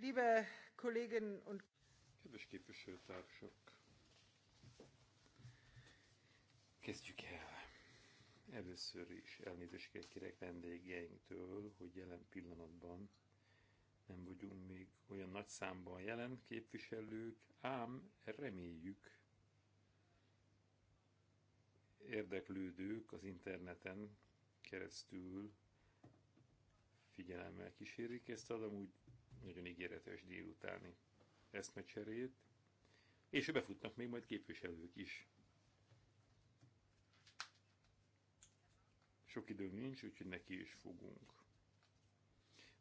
Liebe Kolleginnen und Kedves képviselőtársak! Kezdjük el. Először is elnézést kérek vendégeinktől, hogy jelen pillanatban nem vagyunk még olyan nagy számban jelen képviselők, ám reméljük érdeklődők az interneten keresztül figyelemmel kísérik ezt, adom úgy nagyon ígéretes délutáni eszmecserét, és befutnak még majd képviselők is. Sok időnk nincs, úgyhogy neki is fogunk.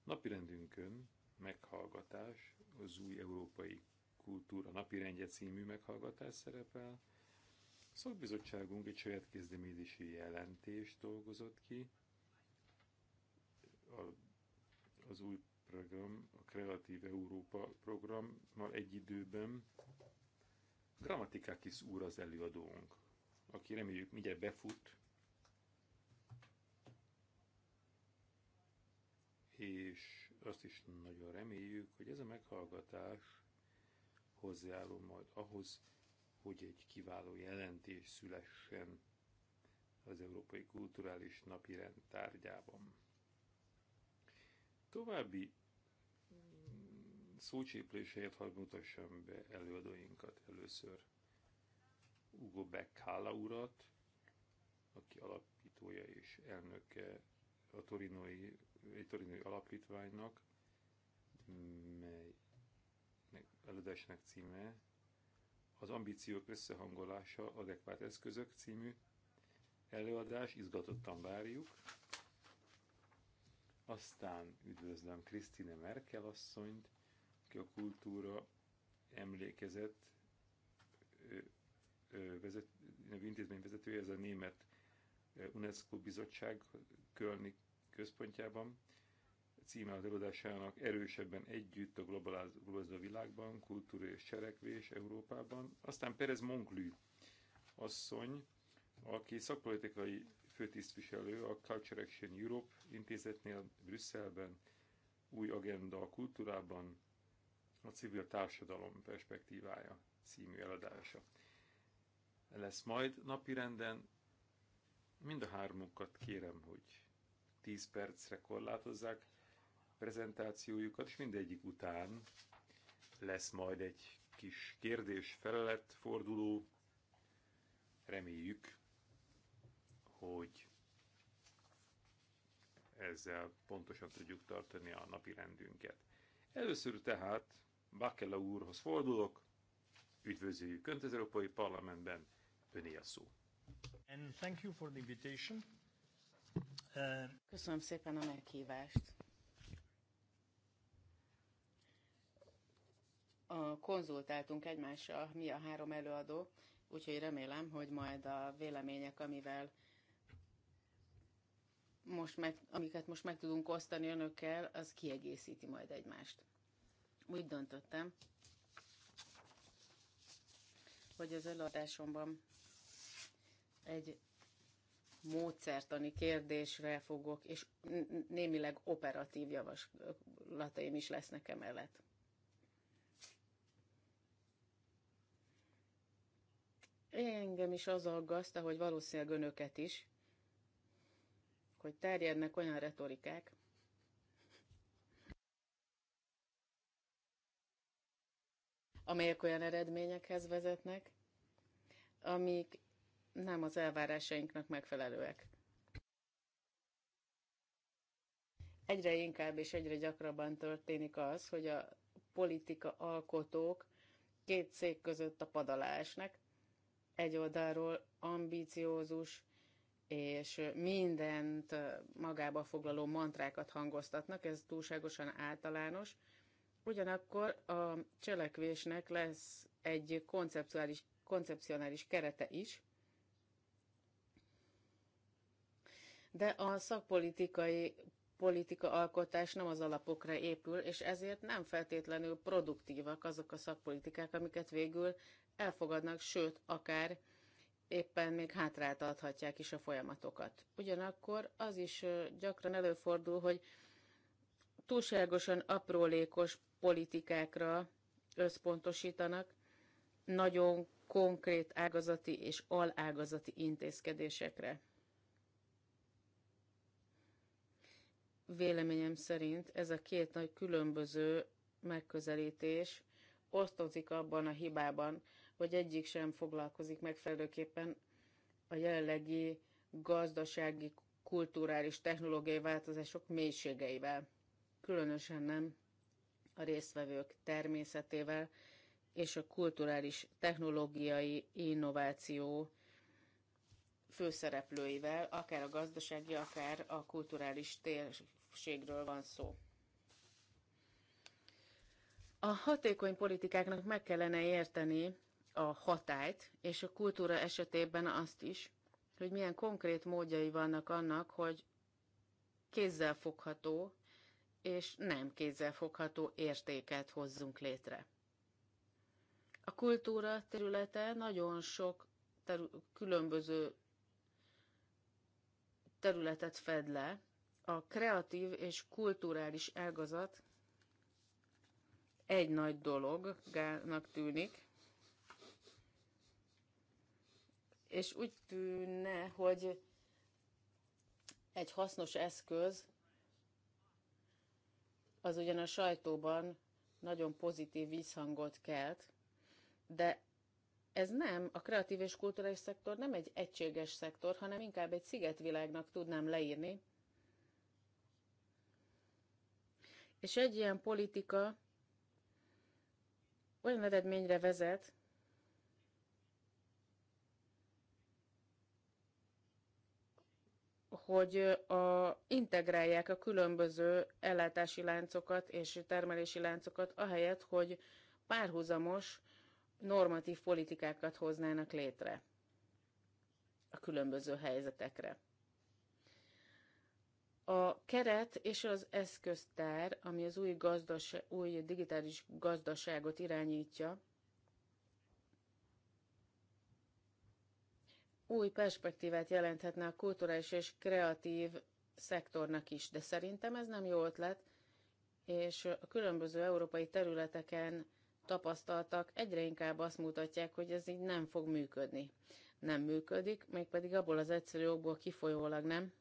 Napirendünkön meghallgatás, az új európai kultúra rendje című meghallgatás szerepel. Szakbizottságunk egy saját kezdeményezési jelentést dolgozott ki a, az új program, a Kreatív Európa programmal egy időben. Grammatikákis úr az előadónk, aki reméljük mindjárt befut, és azt is nagyon reméljük, hogy ez a meghallgatás hozzájárul majd ahhoz, hogy egy kiváló jelentés szülessen az Európai Kulturális Napirend tárgyában. További szócsépléséért hadd mutassam be előadóinkat először. Ugo Beccala urat, aki alapítója és elnöke a Torinói, egy Torinói alapítványnak, mely előadásnak címe az ambíciók összehangolása adekvát eszközök című előadás, izgatottan várjuk. Aztán üdvözlöm Krisztine Merkel asszonyt, a kultúra emlékezet vezet, nevű intézmény vezetője, ez a német UNESCO bizottság Kölni központjában. A címe az előadásának erősebben együtt a globalizáló világban, kultúra és cselekvés Európában. Aztán Perez Monklű asszony, aki szakpolitikai főtisztviselő a Culture Action Europe intézetnél Brüsszelben, új agenda a kultúrában, a civil társadalom perspektívája című eladása lesz majd napirenden. Mind a hármunkat kérem, hogy 10 percre korlátozzák prezentációjukat, és mindegyik után lesz majd egy kis kérdés-felelet forduló. Reméljük, hogy ezzel pontosan tudjuk tartani a napi rendünket. Először tehát Bakella úrhoz fordulok, üdvözöljük Önt az Európai Parlamentben, Öné a szó. And thank you for the invitation. Uh... Köszönöm szépen a meghívást. A konzultáltunk egymással, mi a három előadó, úgyhogy remélem, hogy majd a vélemények, amivel most meg, amiket most meg tudunk osztani önökkel, az kiegészíti majd egymást úgy döntöttem, hogy az előadásomban egy módszertani kérdésre fogok, és némileg operatív javaslataim is lesznek emellett. Engem is az aggaszta, hogy valószínűleg önöket is, hogy terjednek olyan retorikák, amelyek olyan eredményekhez vezetnek, amik nem az elvárásainknak megfelelőek. Egyre inkább és egyre gyakrabban történik az, hogy a politika alkotók két szék között a padalásnak, Egy oldalról ambíciózus és mindent magába foglaló mantrákat hangoztatnak, ez túlságosan általános, Ugyanakkor a cselekvésnek lesz egy konceptuális, koncepcionális kerete is, de a szakpolitikai politika alkotás nem az alapokra épül, és ezért nem feltétlenül produktívak azok a szakpolitikák, amiket végül elfogadnak, sőt, akár éppen még hátráltathatják is a folyamatokat. Ugyanakkor az is gyakran előfordul, hogy túlságosan aprólékos politikákra összpontosítanak, nagyon konkrét ágazati és alágazati intézkedésekre. Véleményem szerint ez a két nagy különböző megközelítés osztozik abban a hibában, hogy egyik sem foglalkozik megfelelőképpen a jelenlegi gazdasági, kulturális, technológiai változások mélységeivel. Különösen nem a résztvevők természetével és a kulturális technológiai innováció főszereplőivel, akár a gazdasági, akár a kulturális térségről van szó. A hatékony politikáknak meg kellene érteni a hatályt, és a kultúra esetében azt is, hogy milyen konkrét módjai vannak annak, hogy kézzelfogható és nem kézzelfogható értéket hozzunk létre. A kultúra területe nagyon sok terü- különböző területet fed le. A kreatív és kulturális ágazat egy nagy dolognak tűnik, és úgy tűnne, hogy egy hasznos eszköz az ugyan a sajtóban nagyon pozitív visszhangot kelt, de ez nem, a kreatív és kulturális szektor nem egy egységes szektor, hanem inkább egy szigetvilágnak tudnám leírni. És egy ilyen politika olyan eredményre vezet, hogy a, integrálják a különböző ellátási láncokat és termelési láncokat, ahelyett, hogy párhuzamos normatív politikákat hoznának létre a különböző helyzetekre. A keret és az eszköztár, ami az új, gazdas, új digitális gazdaságot irányítja, új perspektívát jelenthetne a kulturális és kreatív szektornak is, de szerintem ez nem jó ötlet, és a különböző európai területeken tapasztaltak egyre inkább azt mutatják, hogy ez így nem fog működni. Nem működik, mégpedig abból az egyszerű okból kifolyólag nem,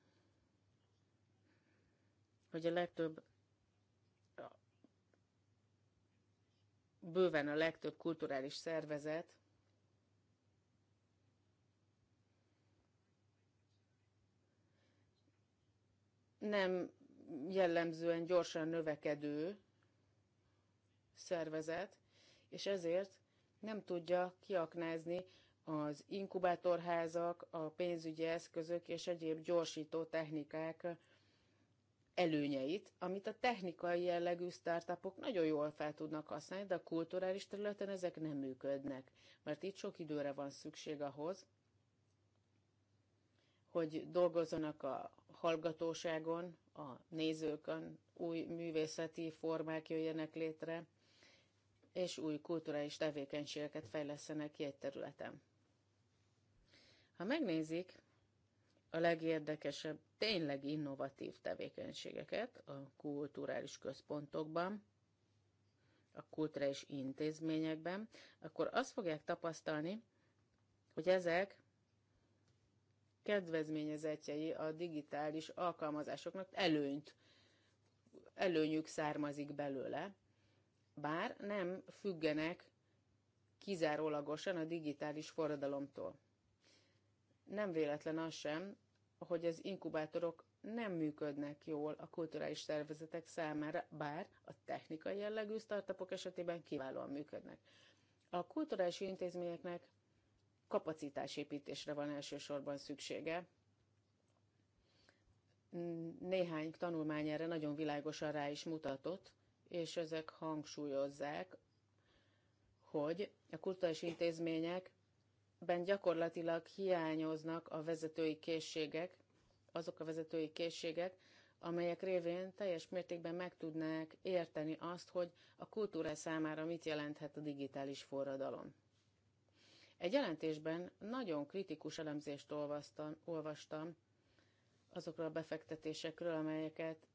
hogy a legtöbb bőven a legtöbb kulturális szervezet nem jellemzően gyorsan növekedő szervezet, és ezért nem tudja kiaknázni az inkubátorházak, a pénzügyi eszközök és egyéb gyorsító technikák előnyeit, amit a technikai jellegű startupok nagyon jól fel tudnak használni, de a kulturális területen ezek nem működnek, mert itt sok időre van szükség ahhoz, hogy dolgozzanak a hallgatóságon, a nézőkön, új művészeti formák jöjjenek létre, és új kulturális tevékenységeket fejlesztenek ki egy területen. Ha megnézik a legérdekesebb, tényleg innovatív tevékenységeket a kulturális központokban, a kulturális intézményekben, akkor azt fogják tapasztalni, hogy ezek kedvezményezetjei a digitális alkalmazásoknak előnyt, előnyük származik belőle, bár nem függenek kizárólagosan a digitális forradalomtól. Nem véletlen az sem, hogy az inkubátorok nem működnek jól a kulturális szervezetek számára, bár a technikai jellegű startupok esetében kiválóan működnek. A kulturális intézményeknek kapacitásépítésre van elsősorban szüksége. Néhány tanulmány erre nagyon világosan rá is mutatott, és ezek hangsúlyozzák, hogy a kultúrás intézményekben gyakorlatilag hiányoznak a vezetői készségek, azok a vezetői készségek, amelyek révén teljes mértékben meg tudnák érteni azt, hogy a kultúra számára mit jelenthet a digitális forradalom. Egy jelentésben nagyon kritikus elemzést olvastam, olvastam azokról a befektetésekről, amelyeket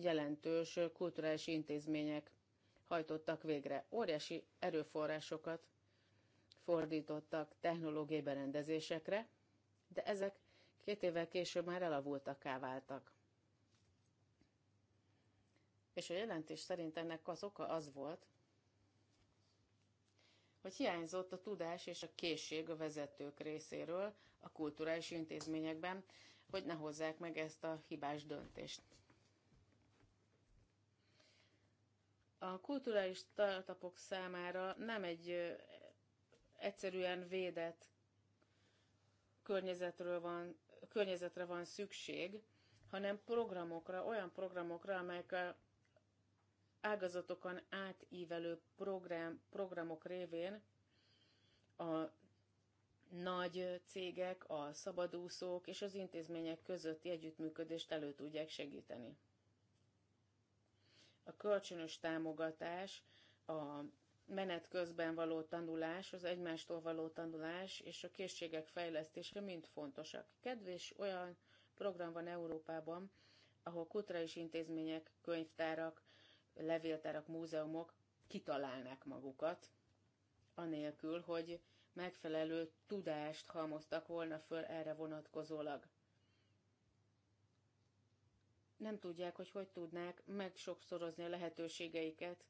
jelentős kulturális intézmények hajtottak végre. Óriási erőforrásokat fordítottak technológiai berendezésekre, de ezek két évvel később már elavultak, váltak. És a jelentés szerint ennek az oka az volt, hogy hiányzott a tudás és a készség a vezetők részéről a kulturális intézményekben, hogy ne hozzák meg ezt a hibás döntést. A kulturális startupok számára nem egy egyszerűen védett környezetről van, környezetre van szükség, hanem programokra, olyan programokra, amelyek a ágazatokon átívelő program, programok révén a nagy cégek, a szabadúszók és az intézmények közötti együttműködést elő tudják segíteni. A kölcsönös támogatás, a menet közben való tanulás, az egymástól való tanulás és a készségek fejlesztése mind fontosak. Kedves olyan program van Európában, ahol kulturális intézmények, könyvtárak, levéltárak, múzeumok kitalálnák magukat, anélkül, hogy megfelelő tudást halmoztak volna föl erre vonatkozólag. Nem tudják, hogy hogy tudnák megsokszorozni a lehetőségeiket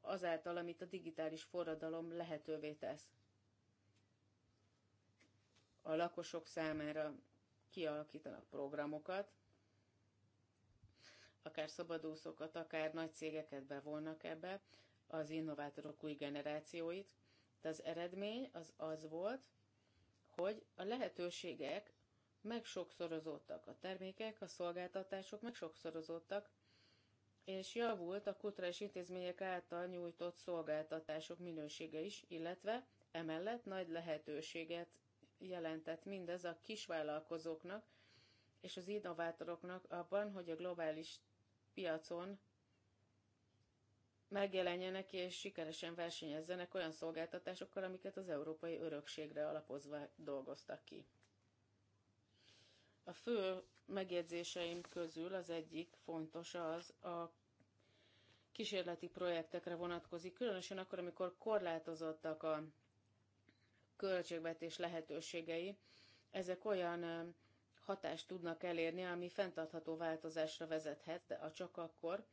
azáltal, amit a digitális forradalom lehetővé tesz. A lakosok számára kialakítanak programokat, akár szabadúszókat, akár nagy cégeket bevonnak ebbe, az innovátorok új generációit, de az eredmény az az volt, hogy a lehetőségek megsokszorozódtak, a termékek, a szolgáltatások megsokszorozódtak, és javult a kulturális intézmények által nyújtott szolgáltatások minősége is, illetve emellett nagy lehetőséget jelentett mindez a kisvállalkozóknak és az innovátoroknak abban, hogy a globális piacon megjelenjenek és sikeresen versenyezzenek olyan szolgáltatásokkal, amiket az európai örökségre alapozva dolgoztak ki. A fő megjegyzéseim közül az egyik fontos az a kísérleti projektekre vonatkozik, különösen akkor, amikor korlátozottak a költségvetés lehetőségei. Ezek olyan hatást tudnak elérni, ami fenntartható változásra vezethet, de a csak akkor,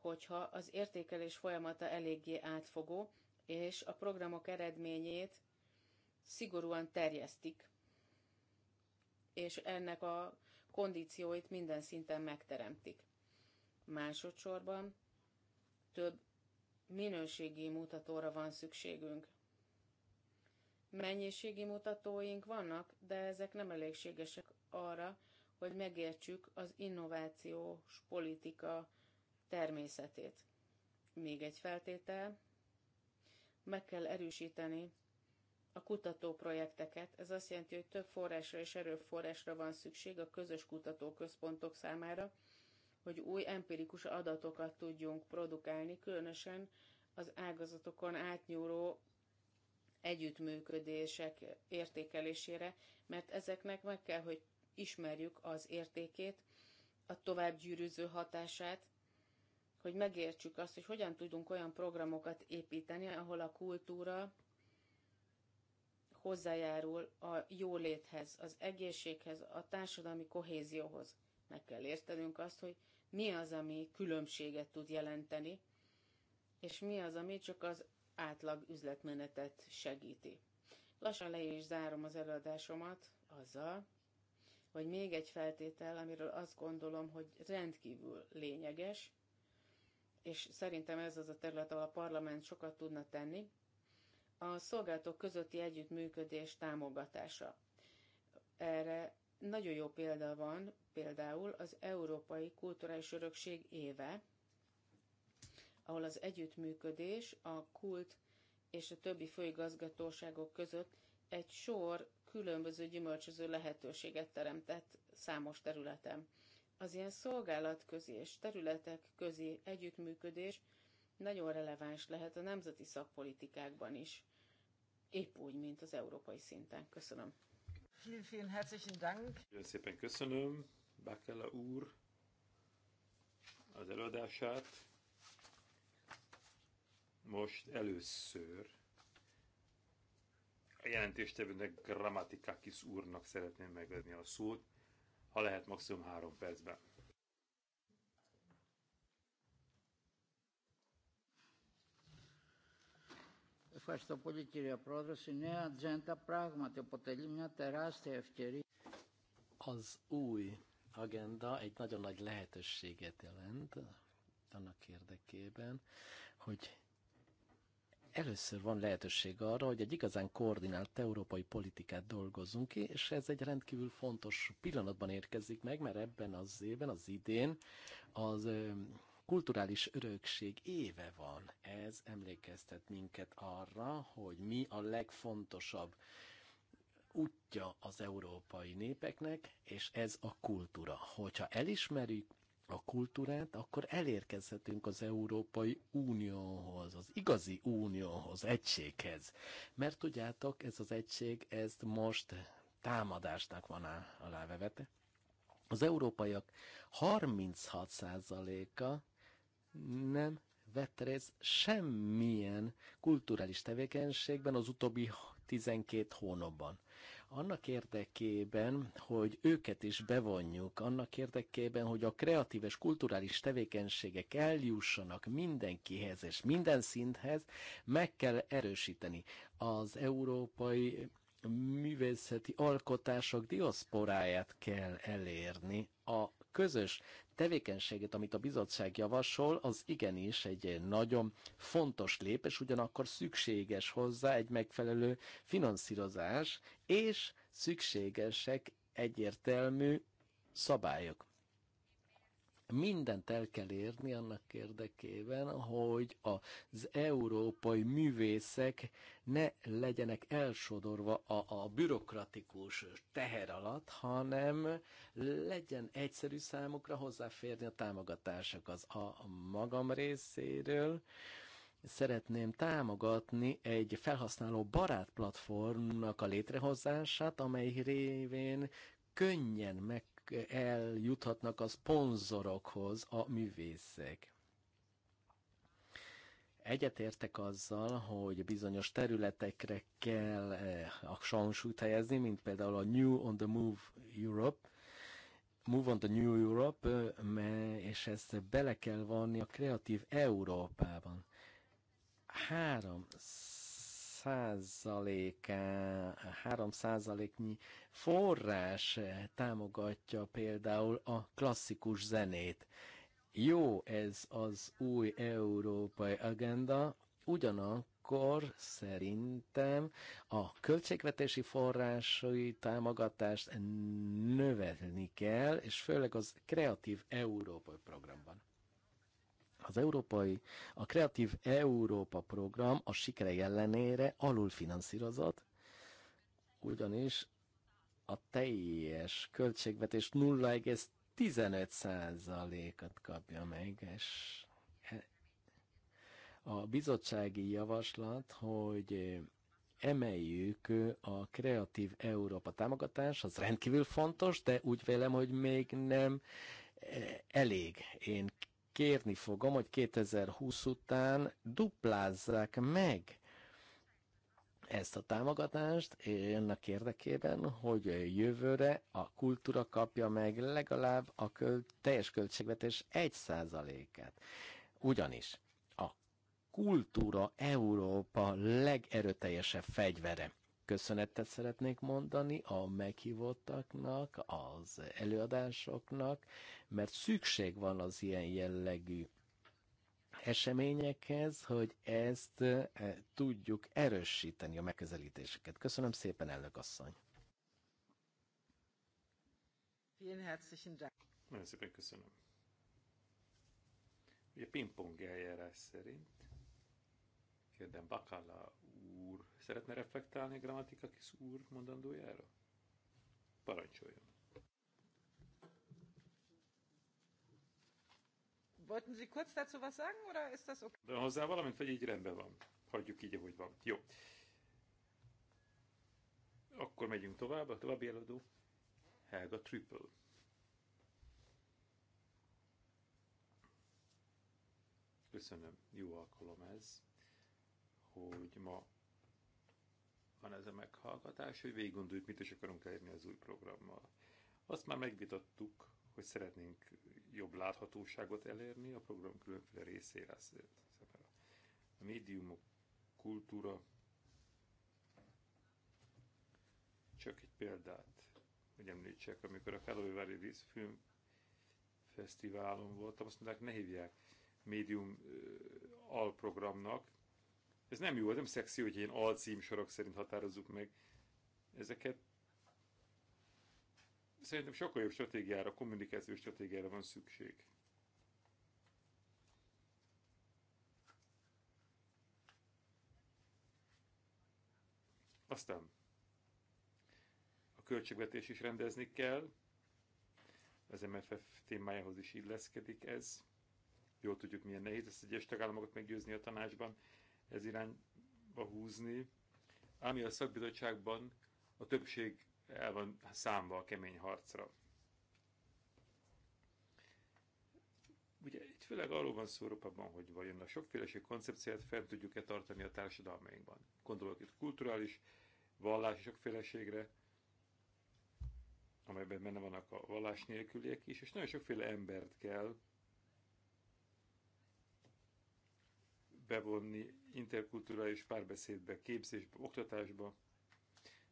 hogyha az értékelés folyamata eléggé átfogó, és a programok eredményét szigorúan terjesztik, és ennek a kondícióit minden szinten megteremtik. Másodszorban több minőségi mutatóra van szükségünk. Mennyiségi mutatóink vannak, de ezek nem elégségesek arra, hogy megértsük az innovációs politika természetét. Még egy feltétel, meg kell erősíteni a kutatóprojekteket. Ez azt jelenti, hogy több forrásra és erőforrásra van szükség a közös kutatóközpontok számára, hogy új empirikus adatokat tudjunk produkálni, különösen az ágazatokon átnyúló együttműködések értékelésére, mert ezeknek meg kell, hogy ismerjük az értékét, a továbbgyűrűző hatását, hogy megértsük azt, hogy hogyan tudunk olyan programokat építeni, ahol a kultúra hozzájárul a jóléthez, az egészséghez, a társadalmi kohézióhoz. Meg kell értenünk azt, hogy mi az, ami különbséget tud jelenteni, és mi az, ami csak az átlag üzletmenetet segíti. Lassan le is zárom az előadásomat azzal, vagy még egy feltétel, amiről azt gondolom, hogy rendkívül lényeges, és szerintem ez az a terület, ahol a parlament sokat tudna tenni, a szolgálatok közötti együttműködés támogatása. Erre nagyon jó példa van, például az Európai Kulturális Örökség éve, ahol az együttműködés a kult és a többi főigazgatóságok között egy sor különböző gyümölcsöző lehetőséget teremtett számos területen. Az ilyen szolgálatközi és területek közi együttműködés nagyon releváns lehet a nemzeti szakpolitikákban is, épp úgy, mint az európai szinten. Köszönöm. Vielen, vielen herzlichen Dank. Nagyon szépen köszönöm, Bakela úr, az előadását. Most először a jelentéstevőnek Grammatikakis úrnak szeretném megadni a szót, ha lehet maximum három percben. Ευχαριστώ πολύ κύριε Πρόεδρε. Η νέα ατζέντα πράγματι αποτελεί μια τεράστια ευκαιρία. Az új agenda egy nagyon nagy lehetőséget jelent annak érdekében, hogy először van lehetőség arra, hogy egy igazán koordinált európai politikát dolgozzunk ki, és ez egy rendkívül fontos pillanatban érkezik meg, mert ebben az évben, az idén az kulturális örökség éve van. Ez emlékeztet minket arra, hogy mi a legfontosabb útja az európai népeknek, és ez a kultúra. Hogyha elismerjük a kultúrát, akkor elérkezhetünk az Európai Unióhoz, az igazi unióhoz, egységhez. Mert tudjátok, ez az egység, ezt most támadásnak van a alávevetve. Az európaiak 36%-a nem vett részt semmilyen kulturális tevékenységben az utóbbi 12 hónapban annak érdekében, hogy őket is bevonjuk, annak érdekében, hogy a kreatív és kulturális tevékenységek eljussanak mindenkihez és minden szinthez, meg kell erősíteni az európai művészeti alkotások diaszporáját kell elérni a közös tevékenységet, amit a bizottság javasol, az igenis egy nagyon fontos lépés, ugyanakkor szükséges hozzá egy megfelelő finanszírozás, és szükségesek egyértelmű szabályok mindent el kell érni annak érdekében, hogy az európai művészek ne legyenek elsodorva a, a bürokratikus teher alatt, hanem legyen egyszerű számukra hozzáférni a támogatások az A magam részéről szeretném támogatni egy felhasználó barát platformnak a létrehozását, amely révén könnyen meg eljuthatnak a szponzorokhoz a művészek. Egyetértek azzal, hogy bizonyos területekre kell eh, a hangsúlyt helyezni, mint például a New on the Move Europe, Move on the New Europe, eh, és ezt bele kell vonni a kreatív Európában. Három 3 százaléknyi forrás támogatja például a klasszikus zenét. Jó ez az új európai agenda, ugyanakkor szerintem a költségvetési forrásai támogatást növelni kell, és főleg az Kreatív Európai Programban. Az európai, a Kreatív Európa program a sikere ellenére finanszírozott, ugyanis a teljes költségvetés 0,15%-at kapja meg, és a bizottsági javaslat, hogy emeljük a Kreatív Európa támogatás, az rendkívül fontos, de úgy vélem, hogy még nem eh, elég. Én kérni fogom, hogy 2020 után duplázzák meg ezt a támogatást ennek érdekében, hogy jövőre a kultúra kapja meg legalább a köl- teljes költségvetés 1%-át. Ugyanis a kultúra Európa legerőteljesebb fegyvere köszönetet szeretnék mondani a meghívottaknak, az előadásoknak, mert szükség van az ilyen jellegű eseményekhez, hogy ezt e, tudjuk erősíteni a megközelítéseket. Köszönöm szépen, elnök asszony! Nagyon szépen köszönöm. Ugye pingpong eljárás szerint kérdem Bakala úr. Szeretne reflektálni a Grammatikakis úr mondandójára? Parancsoljon. Wollten Sie kurz dazu was sagen, oder ist das okay? De hozzá valamint, vagy így rendben van. Hagyjuk így, ahogy van. Jó. Akkor megyünk tovább. A további előadó Helga Triple. Köszönöm, jó alkalom ez, hogy ma van ez a meghallgatás, hogy végig gondoljuk, mit is akarunk elérni az új programmal. Azt már megvitattuk, hogy szeretnénk jobb láthatóságot elérni a program különféle részére. A médiumok, kultúra, csak egy példát, hogy említsek, amikor a Kálóvári Vízfilm Fesztiválon voltam, azt mondták, ne hívják médium alprogramnak, ez nem jó, ez nem szexi, hogy ilyen alcím sorok szerint határozzuk meg ezeket. Szerintem sokkal jobb stratégiára, kommunikációs stratégiára van szükség. Aztán a költségvetés is rendezni kell, az MFF témájához is illeszkedik ez. Jól tudjuk, milyen nehéz ezt egyes tagállamokat meggyőzni a tanácsban, ez irányba húzni, ami a szakbizottságban a többség el van számva a kemény harcra. Ugye itt főleg arról van szó Európában, hogy vajon a sokféleség koncepciát fent tudjuk-e tartani a társadalmainkban. Gondolok itt kulturális, vallási sokféleségre, amelyben benne vannak a vallás nélküliek is, és nagyon sokféle embert kell bevonni interkulturális párbeszédbe, képzésbe, oktatásba.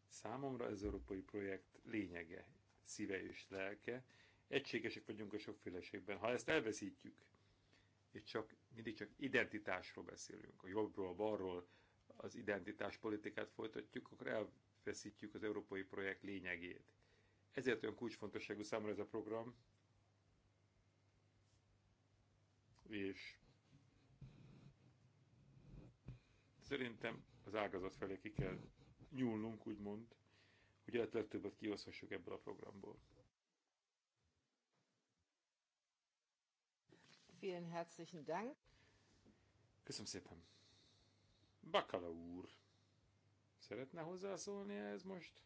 Számomra ez európai projekt lényege, szíve és lelke. Egységesek vagyunk a sokféleségben. Ha ezt elveszítjük, és csak, mindig csak identitásról beszélünk, a jobbról, a balról az identitáspolitikát folytatjuk, akkor elveszítjük az európai projekt lényegét. Ezért olyan kulcsfontosságú számomra ez a program, és Szerintem az ágazat felé ki kell nyúlnunk, úgymond, hogy a legtöbbet kihozhassuk ebből a programból. Vielen herzlichen Dank. Köszönöm szépen. Bakala úr, szeretne hozzászólni ez most?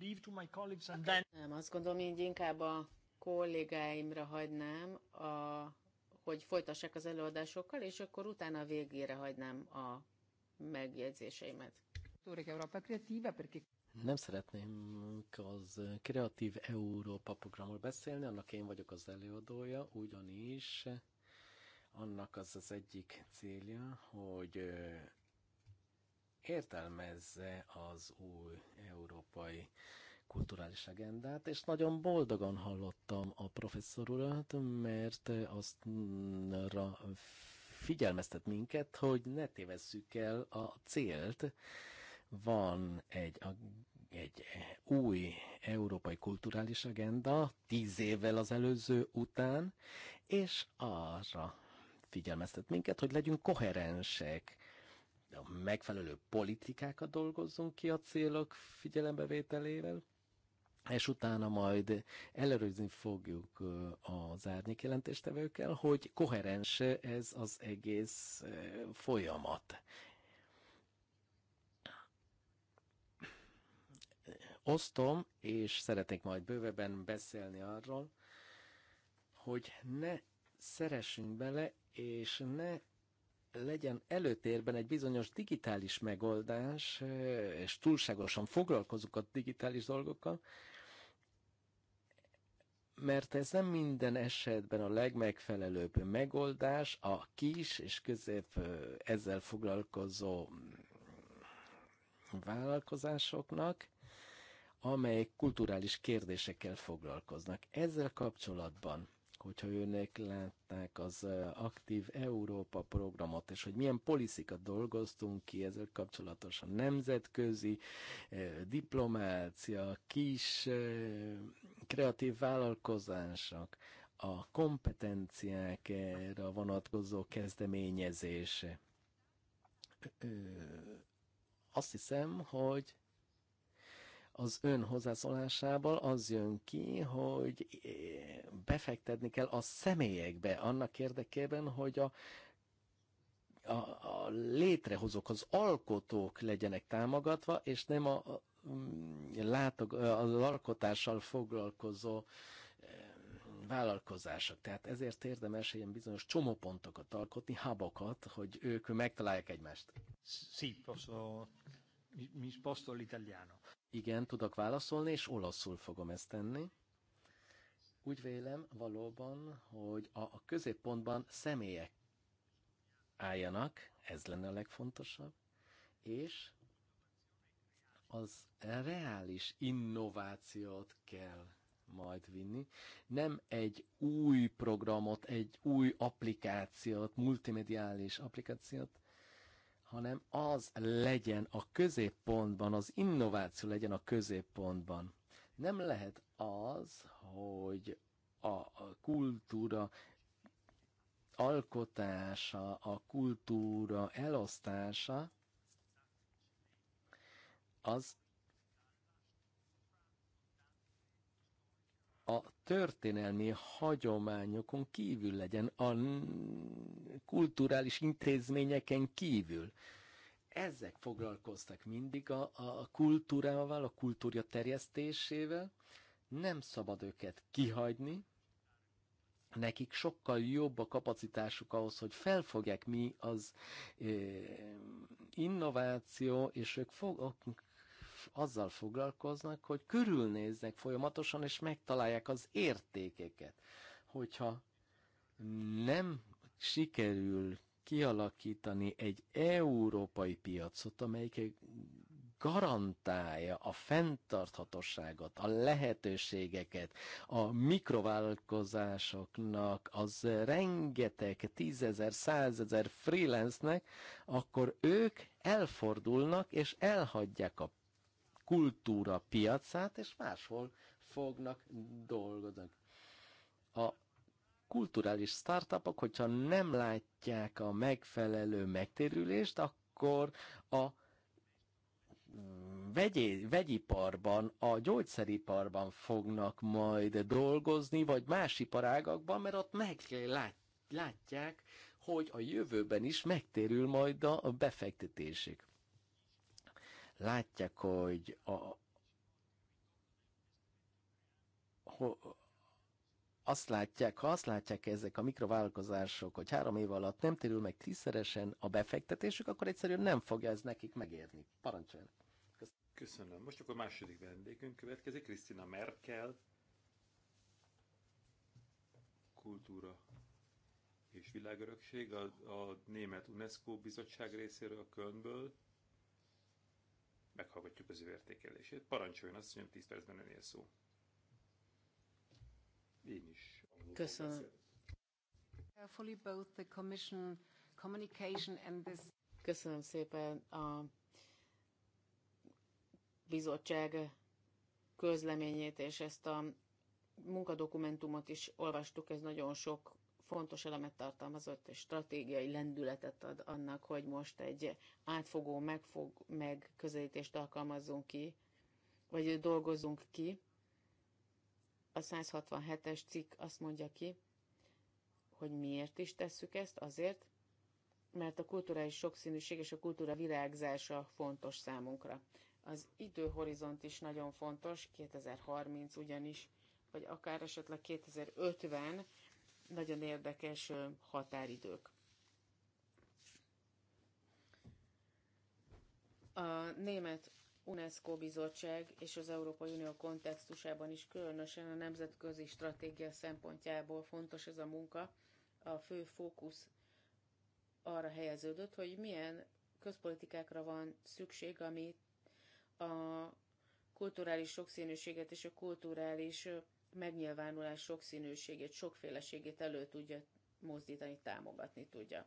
Leave to my colleagues and then... Nem, azt gondolom, így inkább a kollégáimra hagynám a hogy folytassák az előadásokkal, és akkor utána a végére hagynám a megjegyzéseimet. Nem szeretném az Kreatív Európa programról beszélni, annak én vagyok az előadója, ugyanis annak az az egyik célja, hogy értelmezze az új európai kulturális agendát, és nagyon boldogan hallottam a professzor urat, mert azt figyelmeztet minket, hogy ne tévesszük el a célt. Van egy, a, egy új európai kulturális agenda, tíz évvel az előző után, és arra figyelmeztet minket, hogy legyünk koherensek, a megfelelő politikákat dolgozzunk ki a célok figyelembevételével, és utána majd ellenőrizni fogjuk az árnyék jelentéstevőkkel, hogy koherens ez az egész folyamat. Osztom, és szeretnék majd bővebben beszélni arról, hogy ne szeressünk bele, és ne legyen előtérben egy bizonyos digitális megoldás, és túlságosan foglalkozunk a digitális dolgokkal, mert ez nem minden esetben a legmegfelelőbb megoldás, a kis és közép ezzel foglalkozó mm, vállalkozásoknak, amelyek kulturális kérdésekkel foglalkoznak. Ezzel kapcsolatban, hogyha önök látták az Aktív Európa programot, és hogy milyen poliszikat dolgoztunk ki ezzel kapcsolatosan, nemzetközi diplomácia, kis kreatív vállalkozások, a kompetenciákra vonatkozó kezdeményezése. Azt hiszem, hogy az ön hozzászólásából az jön ki, hogy eh, befektetni kell a személyekbe annak érdekében, hogy a, a, a létrehozók, az alkotók legyenek támogatva, és nem a, látog, az alkotással foglalkozó vállalkozások. Tehát ezért érdemes ilyen bizonyos csomópontokat alkotni, habokat, hogy ők megtalálják egymást. Sí, posso... Mi sposto l'italiano. Igen, tudok válaszolni, és olaszul fogom ezt tenni. Úgy vélem valóban, hogy a, a középpontban személyek álljanak, ez lenne a legfontosabb, és az reális innovációt kell majd vinni. Nem egy új programot, egy új applikációt, multimediális applikációt, hanem az legyen a középpontban, az innováció legyen a középpontban. Nem lehet az, hogy a kultúra alkotása, a kultúra elosztása az a történelmi hagyományokon kívül legyen, a kulturális intézményeken kívül. Ezek foglalkoztak mindig a, a kultúrával, a kultúrja terjesztésével. Nem szabad őket kihagyni, nekik sokkal jobb a kapacitásuk ahhoz, hogy felfogják mi az eh, innováció, és ők fog, azzal foglalkoznak, hogy körülnéznek folyamatosan, és megtalálják az értékeket. Hogyha nem sikerül kialakítani egy európai piacot, amelyik garantálja a fenntarthatóságot, a lehetőségeket, a mikrovállalkozásoknak, az rengeteg tízezer, százezer freelancenek, akkor ők elfordulnak és elhagyják a kultúra piacát, és máshol fognak dolgozni. A kulturális startupok, hogyha nem látják a megfelelő megtérülést, akkor a vegyi, vegyiparban, a gyógyszeriparban fognak majd dolgozni, vagy más iparágakban, mert ott meg látják, hogy a jövőben is megtérül majd a befektetésük látják, hogy a, ho, azt látják, ha azt látják ezek a mikrovállalkozások, hogy három év alatt nem térül meg tízszeresen a befektetésük, akkor egyszerűen nem fogja ez nekik megérni. Parancsoljon! Köszönöm. Most akkor második vendégünk következik, Krisztina Merkel, kultúra és világörökség, a, a Német UNESCO bizottság részéről, a Kölnből meghallgatjuk az ő értékelését. Parancsoljon, azt mondjam, 10 percben önél szó. Én is. Köszönöm. Köszönöm szépen a bizottság közleményét és ezt a munkadokumentumot is olvastuk, ez nagyon sok fontos elemet tartalmazott, és stratégiai lendületet ad annak, hogy most egy átfogó megfog, megközelítést alkalmazzunk ki, vagy dolgozunk ki. A 167-es cikk azt mondja ki, hogy miért is tesszük ezt, azért, mert a kulturális sokszínűség és a kultúra virágzása fontos számunkra. Az időhorizont is nagyon fontos, 2030 ugyanis, vagy akár esetleg 2050, nagyon érdekes határidők. A német UNESCO bizottság és az Európai Unió kontextusában is különösen a nemzetközi stratégia szempontjából fontos ez a munka. A fő fókusz arra helyeződött, hogy milyen közpolitikákra van szükség, ami a kulturális sokszínűséget és a kulturális megnyilvánulás sokszínűségét, sokféleségét elő tudja mozdítani, támogatni tudja.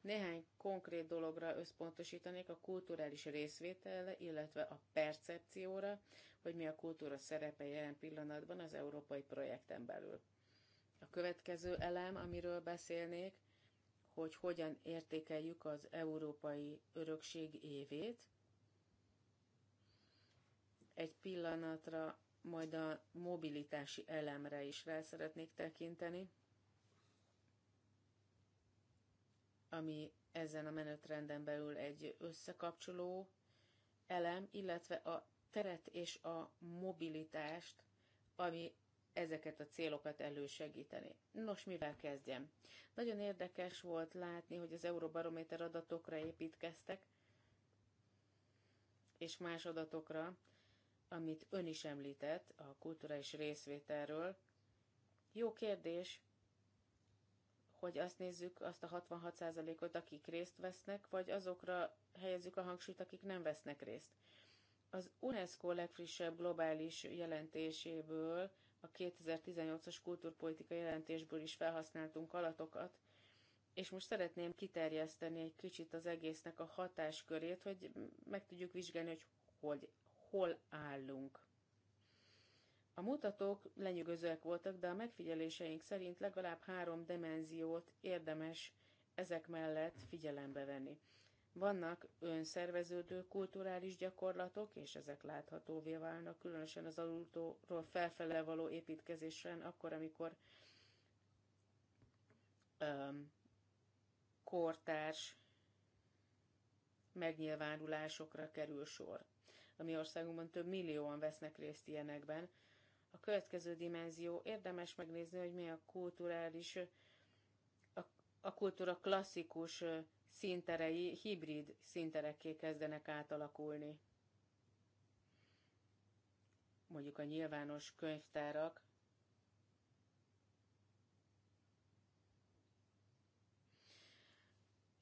Néhány konkrét dologra összpontosítanék a kulturális részvételre, illetve a percepcióra, hogy mi a kultúra szerepe jelen pillanatban az európai projekten belül. A következő elem, amiről beszélnék, hogy hogyan értékeljük az európai örökség évét. Egy pillanatra majd a mobilitási elemre is rá szeretnék tekinteni, ami ezen a menetrenden belül egy összekapcsoló elem, illetve a teret és a mobilitást, ami ezeket a célokat elősegíteni. Nos, mivel kezdjem? Nagyon érdekes volt látni, hogy az Euróbarométer adatokra építkeztek, és más adatokra, amit ön is említett a kulturális részvételről. Jó kérdés, hogy azt nézzük, azt a 66%-ot, akik részt vesznek, vagy azokra helyezzük a hangsúlyt, akik nem vesznek részt. Az UNESCO legfrissebb globális jelentéséből, a 2018-as kultúrpolitika jelentésből is felhasználtunk alatokat, és most szeretném kiterjeszteni egy kicsit az egésznek a hatáskörét, hogy meg tudjuk vizsgálni, hogy hogy hol állunk. A mutatók lenyűgözőek voltak, de a megfigyeléseink szerint legalább három dimenziót érdemes ezek mellett figyelembe venni. Vannak önszerveződő kulturális gyakorlatok, és ezek láthatóvé válnak, különösen az alultóról felfele való építkezésen, akkor, amikor um, kortárs megnyilvánulásokra kerül sor. A mi országunkban több millióan vesznek részt ilyenekben. A következő dimenzió érdemes megnézni, hogy mi a kulturális, a, a kultúra klasszikus szinterei hibrid szinterekké kezdenek átalakulni. Mondjuk a nyilvános könyvtárak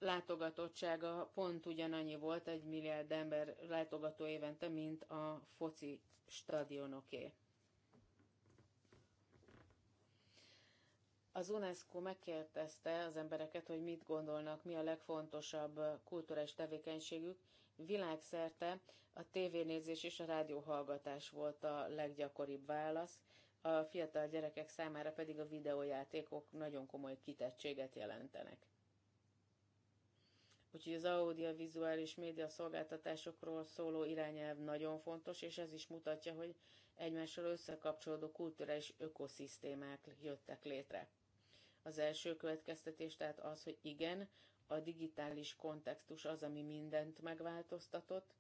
látogatottsága pont ugyanannyi volt, egy milliárd ember látogató évente, mint a foci stadionoké. Az UNESCO megkérdezte az embereket, hogy mit gondolnak, mi a legfontosabb kulturális tevékenységük. Világszerte a tévénézés és a rádióhallgatás volt a leggyakoribb válasz, a fiatal gyerekek számára pedig a videójátékok nagyon komoly kitettséget jelentenek. Úgyhogy az audiovizuális média szolgáltatásokról szóló irányelv nagyon fontos, és ez is mutatja, hogy egymással összekapcsolódó kulturális ökoszisztémák jöttek létre. Az első következtetés tehát az, hogy igen, a digitális kontextus az, ami mindent megváltoztatott,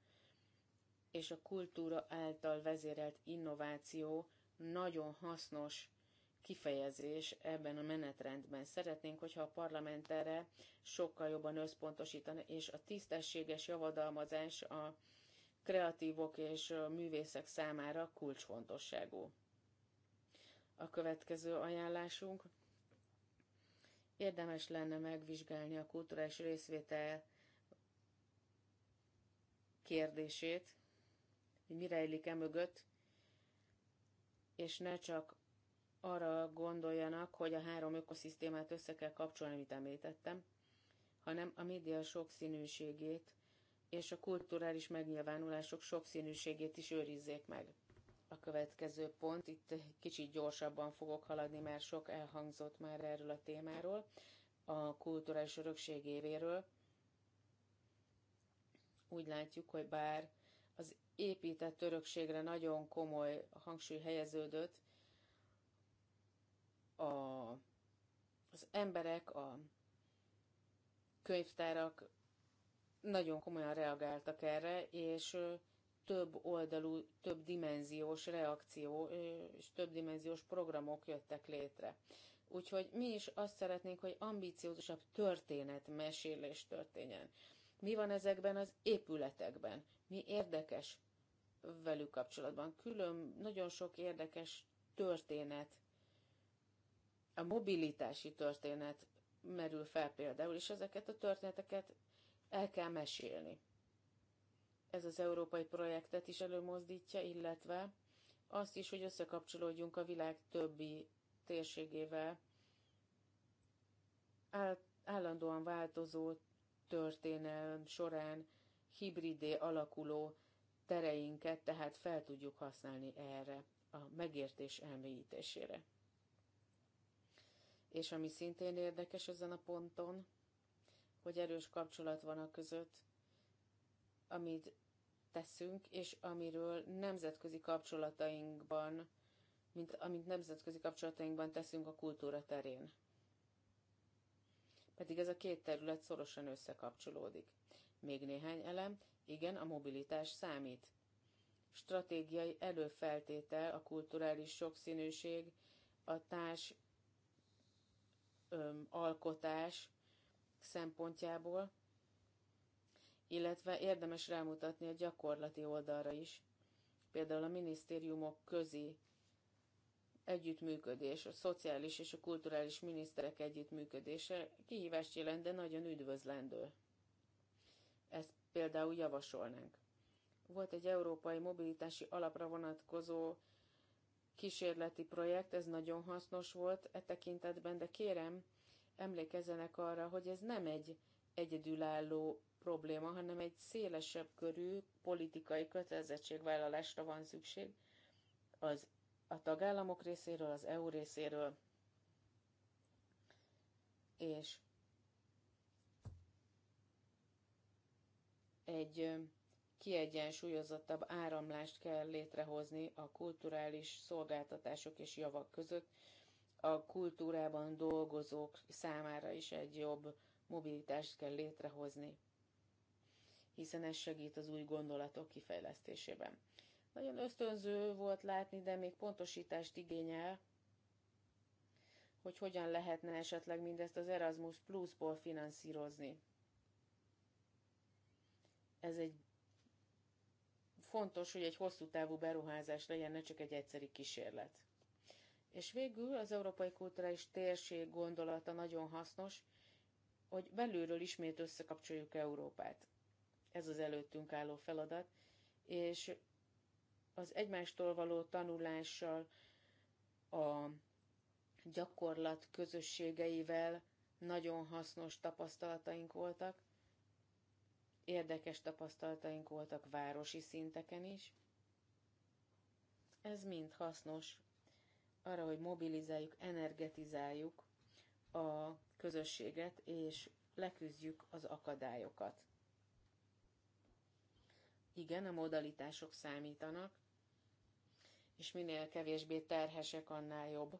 és a kultúra által vezérelt innováció nagyon hasznos kifejezés ebben a menetrendben. Szeretnénk, hogyha a parlament erre sokkal jobban összpontosítana, és a tisztességes javadalmazás a kreatívok és a művészek számára kulcsfontosságú. A következő ajánlásunk. Érdemes lenne megvizsgálni a kulturális részvétel kérdését, hogy mi rejlik e mögött, és ne csak arra gondoljanak, hogy a három ökoszisztémát össze kell kapcsolni, amit említettem, hanem a média sokszínűségét és a kulturális megnyilvánulások sokszínűségét is őrizzék meg. A következő pont, itt kicsit gyorsabban fogok haladni, mert sok elhangzott már erről a témáról, a kulturális örökség évéről. Úgy látjuk, hogy bár az épített örökségre nagyon komoly hangsúly helyeződött, a, az emberek, a könyvtárak nagyon komolyan reagáltak erre, és több oldalú, több dimenziós reakció és több dimenziós programok jöttek létre. Úgyhogy mi is azt szeretnénk, hogy ambíciózusabb történetmesélés történjen. Mi van ezekben az épületekben? Mi érdekes velük kapcsolatban? Külön nagyon sok érdekes történet a mobilitási történet merül fel például, és ezeket a történeteket el kell mesélni. Ez az európai projektet is előmozdítja, illetve azt is, hogy összekapcsolódjunk a világ többi térségével, állandóan változó történelm során hibridé alakuló tereinket, tehát fel tudjuk használni erre, a megértés elmélyítésére. És ami szintén érdekes ezen a ponton, hogy erős kapcsolat van a között, amit teszünk, és amiről nemzetközi kapcsolatainkban, mint amit nemzetközi kapcsolatainkban teszünk a kultúra terén. Pedig ez a két terület szorosan összekapcsolódik. Még néhány elem, igen, a mobilitás számít. Stratégiai előfeltétel a kulturális sokszínűség, a társ öm, alkotás szempontjából, illetve érdemes rámutatni a gyakorlati oldalra is. Például a minisztériumok közi együttműködés, a szociális és a kulturális miniszterek együttműködése kihívást jelent, de nagyon üdvözlendő. Ezt például javasolnánk. Volt egy európai mobilitási alapra vonatkozó kísérleti projekt, ez nagyon hasznos volt e tekintetben, de kérem, emlékezzenek arra, hogy ez nem egy egyedülálló probléma, hanem egy szélesebb körű politikai kötelezettségvállalásra van szükség az a tagállamok részéről, az EU részéről. És egy kiegyensúlyozottabb áramlást kell létrehozni a kulturális szolgáltatások és javak között, a kultúrában dolgozók számára is egy jobb mobilitást kell létrehozni, hiszen ez segít az új gondolatok kifejlesztésében. Nagyon ösztönző volt látni, de még pontosítást igényel, hogy hogyan lehetne esetleg mindezt az Erasmus Plus-ból finanszírozni. Ez egy fontos, hogy egy hosszú távú beruházás legyen, ne csak egy egyszeri kísérlet. És végül az európai kulturális térség gondolata nagyon hasznos, hogy belülről ismét összekapcsoljuk Európát. Ez az előttünk álló feladat, és az egymástól való tanulással, a gyakorlat közösségeivel nagyon hasznos tapasztalataink voltak, Érdekes tapasztalataink voltak városi szinteken is. Ez mind hasznos arra, hogy mobilizáljuk, energetizáljuk a közösséget, és leküzdjük az akadályokat. Igen, a modalitások számítanak, és minél kevésbé terhesek, annál jobb.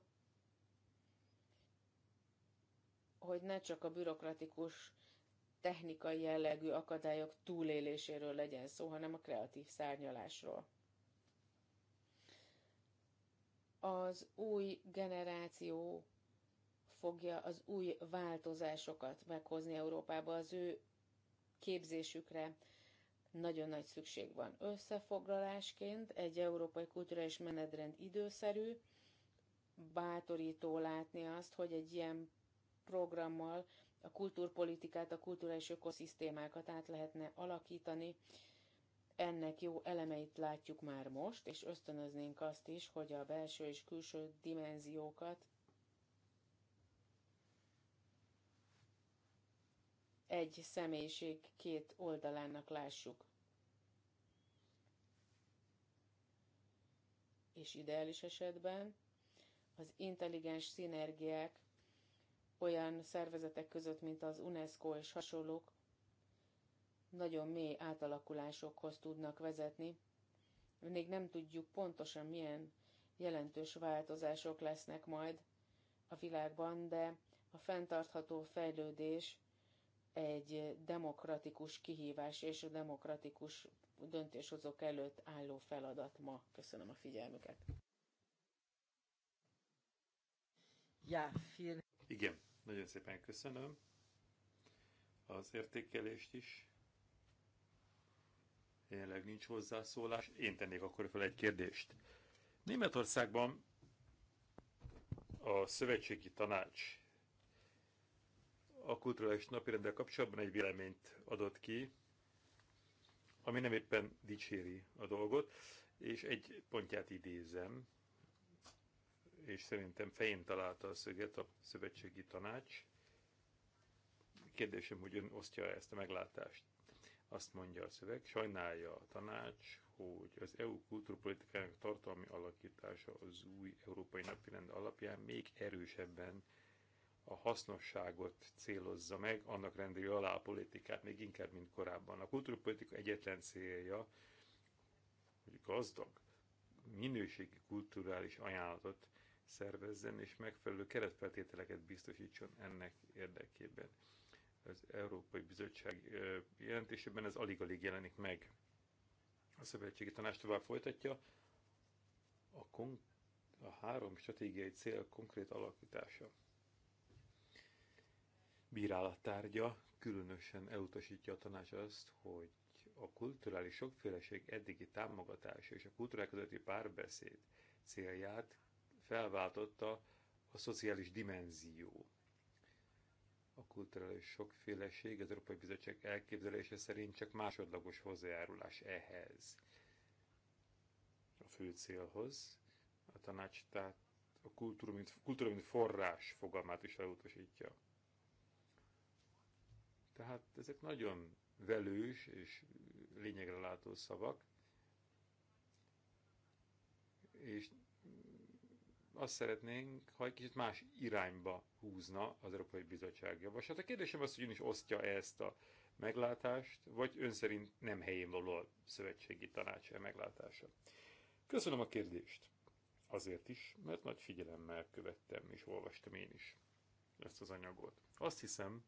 Hogy ne csak a bürokratikus technikai jellegű akadályok túléléséről legyen szó, hanem a kreatív szárnyalásról. Az új generáció fogja az új változásokat meghozni Európába, az ő képzésükre nagyon nagy szükség van. Összefoglalásként egy európai kultúra és menetrend időszerű, bátorító látni azt, hogy egy ilyen programmal a kultúrpolitikát, a kulturális ökoszisztémákat át lehetne alakítani. Ennek jó elemeit látjuk már most, és ösztönöznénk azt is, hogy a belső és külső dimenziókat egy személyiség két oldalának lássuk. És ideális esetben az intelligens szinergiák olyan szervezetek között, mint az UNESCO és hasonlók, nagyon mély átalakulásokhoz tudnak vezetni. Még nem tudjuk pontosan, milyen jelentős változások lesznek majd a világban, de a fenntartható fejlődés egy demokratikus kihívás és a demokratikus döntéshozók előtt álló feladat ma. Köszönöm a figyelmüket. Ja, vielen... Igen, nagyon szépen köszönöm az értékelést is. Jelenleg nincs hozzászólás. Én tennék akkor fel egy kérdést. Németországban a Szövetségi Tanács a kulturális napirendel kapcsolatban egy véleményt adott ki, ami nem éppen dicséri a dolgot, és egy pontját idézem és szerintem fején találta a szöget a szövetségi tanács. Kérdésem, hogy ön osztja -e ezt a meglátást. Azt mondja a szöveg, sajnálja a tanács, hogy az EU kultúrpolitikának tartalmi alakítása az új európai napirend alapján még erősebben a hasznosságot célozza meg, annak rendeli alá a politikát, még inkább, mint korábban. A kultúrpolitika egyetlen célja, hogy gazdag, minőségi kulturális ajánlatot szervezzen és megfelelő keretfeltételeket biztosítson ennek érdekében. Az Európai Bizottság jelentésében ez alig-alig jelenik meg. A Szövetségi Tanács tovább folytatja a, kon- a három stratégiai cél konkrét alakítása. Bírálattárgya különösen elutasítja a tanács azt, hogy a kulturális sokféleség eddigi támogatása és a kultúrák közötti párbeszéd célját felváltotta a szociális dimenzió. A kulturális sokféleség az Európai Bizottság elképzelése szerint csak másodlagos hozzájárulás ehhez. A fő célhoz a tanács tehát a kultúra mint, kultúra mint forrás fogalmát is elutasítja. Tehát ezek nagyon velős és lényegre látó szavak, és azt szeretnénk, ha egy kicsit más irányba húzna az Európai Bizottság javaslat. A kérdésem az, hogy ön is osztja -e ezt a meglátást, vagy ön szerint nem helyén való a szövetségi tanács -e meglátása. Köszönöm a kérdést. Azért is, mert nagy figyelemmel követtem és olvastam én is ezt az anyagot. Azt hiszem,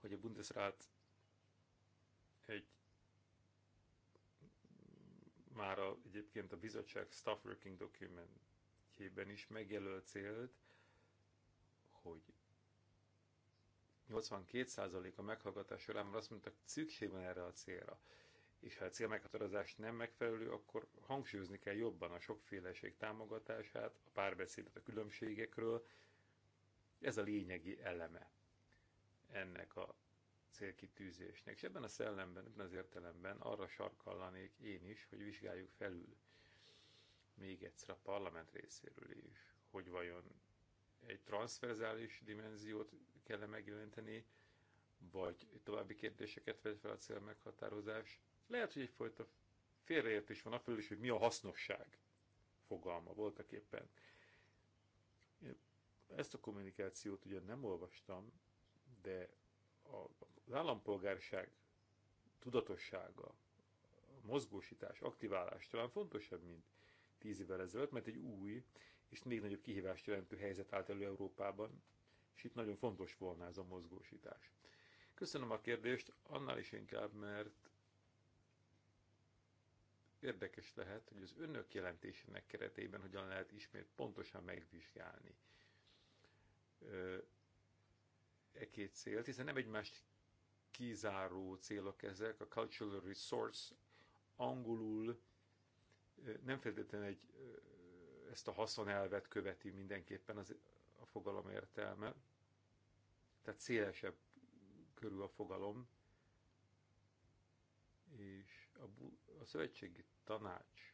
hogy a Bundesrat egy már a, egyébként a bizottság staff working document jegyében is megjelölt célt, hogy 82% a meghallgatás során már azt mondta, hogy szükség van erre a célra. És ha a cél meghatározás nem megfelelő, akkor hangsúlyozni kell jobban a sokféleség támogatását, a párbeszédet a különbségekről. Ez a lényegi eleme ennek a célkitűzésnek. És ebben a szellemben, ebben az értelemben arra sarkallanék én is, hogy vizsgáljuk felül még egyszer a parlament részéről is, hogy vajon egy transzverzális dimenziót kell -e megjelenteni, vagy további kérdéseket vett fel a cél meghatározás. Lehet, hogy egyfajta félreértés van afölül is, hogy mi a hasznosság fogalma voltak éppen. Ezt a kommunikációt ugyan nem olvastam, de az állampolgárság tudatossága, mozgósítás, aktiválás talán fontosabb, mint tíz évvel ezelőtt, mert egy új és még nagyobb kihívást jelentő helyzet állt elő Európában, és itt nagyon fontos volna ez a mozgósítás. Köszönöm a kérdést, annál is inkább, mert érdekes lehet, hogy az önök jelentésének keretében hogyan lehet ismét pontosan megvizsgálni e két célt, hiszen nem egymást kizáró célok ezek, a cultural resource angolul nem feltétlenül egy, ezt a haszonelvet követi mindenképpen az, a fogalom értelme, tehát szélesebb körül a fogalom, és a, a szövetségi tanács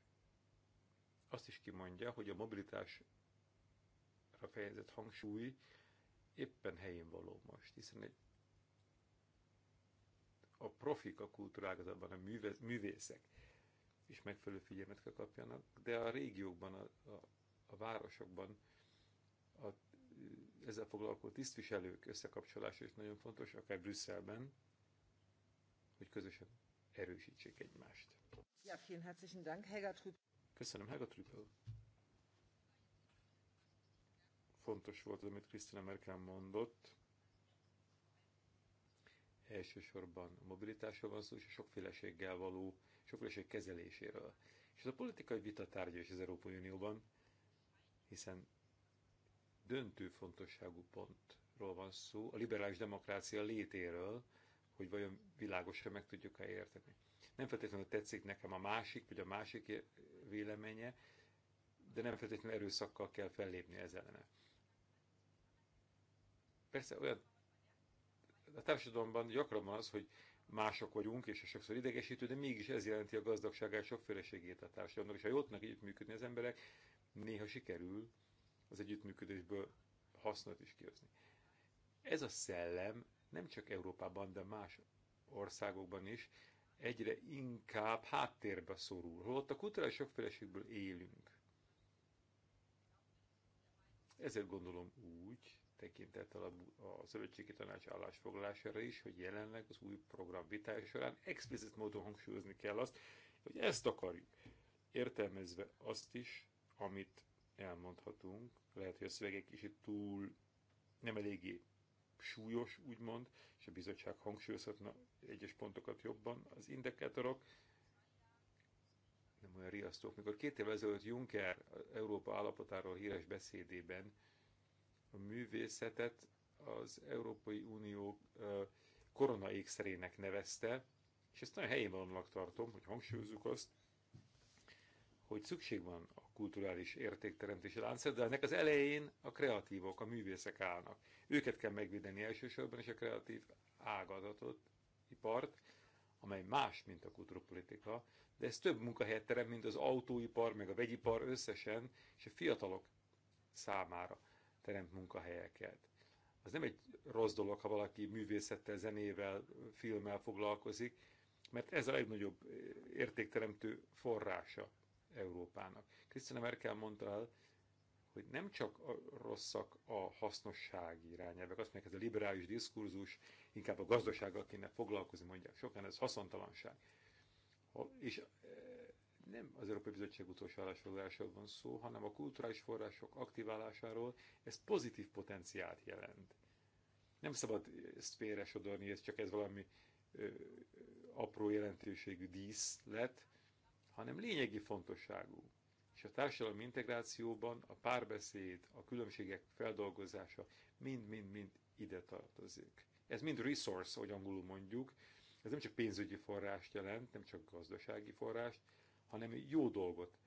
azt is kimondja, hogy a mobilitásra fejezett hangsúly éppen helyén való most, hiszen egy, a profik a kultúrágazatban, a művészek, is megfelelő figyelmet kell kapjanak, de a régiókban, a, a, a városokban a, ezzel foglalkozó tisztviselők összekapcsolása is nagyon fontos, akár Brüsszelben, hogy közösen erősítsék egymást. Ja, vielen herzlichen Dank, Helga Trüppel. Köszönöm, Helga Trüppel. Fontos volt, amit Krisztina Merkel mondott. Elsősorban a mobilitásról van szó, és a sokféleséggel való sokféleség kezeléséről. És ez a politikai vita tárgya is az Európai Unióban, hiszen döntő fontosságú pontról van szó, a liberális demokrácia létéről, hogy vajon világosan meg tudjuk-e érteni. Nem feltétlenül tetszik nekem a másik, vagy a másik véleménye, de nem feltétlenül erőszakkal kell fellépni ez ellene. Persze olyan a társadalomban gyakran van az, hogy mások vagyunk, és sokszor idegesítő, de mégis ez jelenti a gazdagságát, sokféleségét a társadalomnak, és ha jól tudnak együttműködni az emberek, néha sikerül az együttműködésből hasznot is kihozni. Ez a szellem nem csak Európában, de más országokban is egyre inkább háttérbe szorul, holott a kulturális sokféleségből élünk. Ezért gondolom úgy, tekintettel a, a Szövetségi Tanács állásfoglalására is, hogy jelenleg az új program vitája során explicit módon hangsúlyozni kell azt, hogy ezt akarjuk. Értelmezve azt is, amit elmondhatunk, lehet, hogy a szövegek kicsit túl nem eléggé súlyos, úgymond, és a bizottság hangsúlyozhatna egyes pontokat jobban. Az indikátorok nem olyan riasztók. Mikor két évvel ezelőtt Juncker Európa állapotáról híres beszédében a művészetet az Európai Unió korona ékszerének nevezte, és ezt nagyon helyén valónak tartom, hogy hangsúlyozzuk azt, hogy szükség van a kulturális értékteremtési láncszer, de ennek az elején a kreatívok, a művészek állnak. Őket kell megvédeni elsősorban, és a kreatív ágazatot, ipart, amely más, mint a kultúrpolitika, de ez több munkahelyet terem, mint az autóipar, meg a vegyipar összesen, és a fiatalok számára teremt munkahelyeket. Az nem egy rossz dolog, ha valaki művészettel, zenével, filmmel foglalkozik, mert ez a legnagyobb eh, értékteremtő forrása Európának. Krisztina Merkel mondta el, hogy nem csak a rosszak a hasznossági irányelvek, azt mondják, ez a liberális diskurzus, inkább a gazdasággal kéne foglalkozni, mondják sokan, ez haszontalanság. És nem az Európai Bizottság utolsó állásfoglalásról van szó, hanem a kulturális források aktiválásáról, ez pozitív potenciált jelent. Nem szabad ezt félresodorni, ez csak ez valami ö, apró jelentőségű díszlet, hanem lényegi fontosságú. És a társadalmi integrációban a párbeszéd, a különbségek feldolgozása mind-mind-mind ide tartozik. Ez mind resource, hogy angolul mondjuk, ez nem csak pénzügyi forrást jelent, nem csak gazdasági forrást, hanem jó dolgot,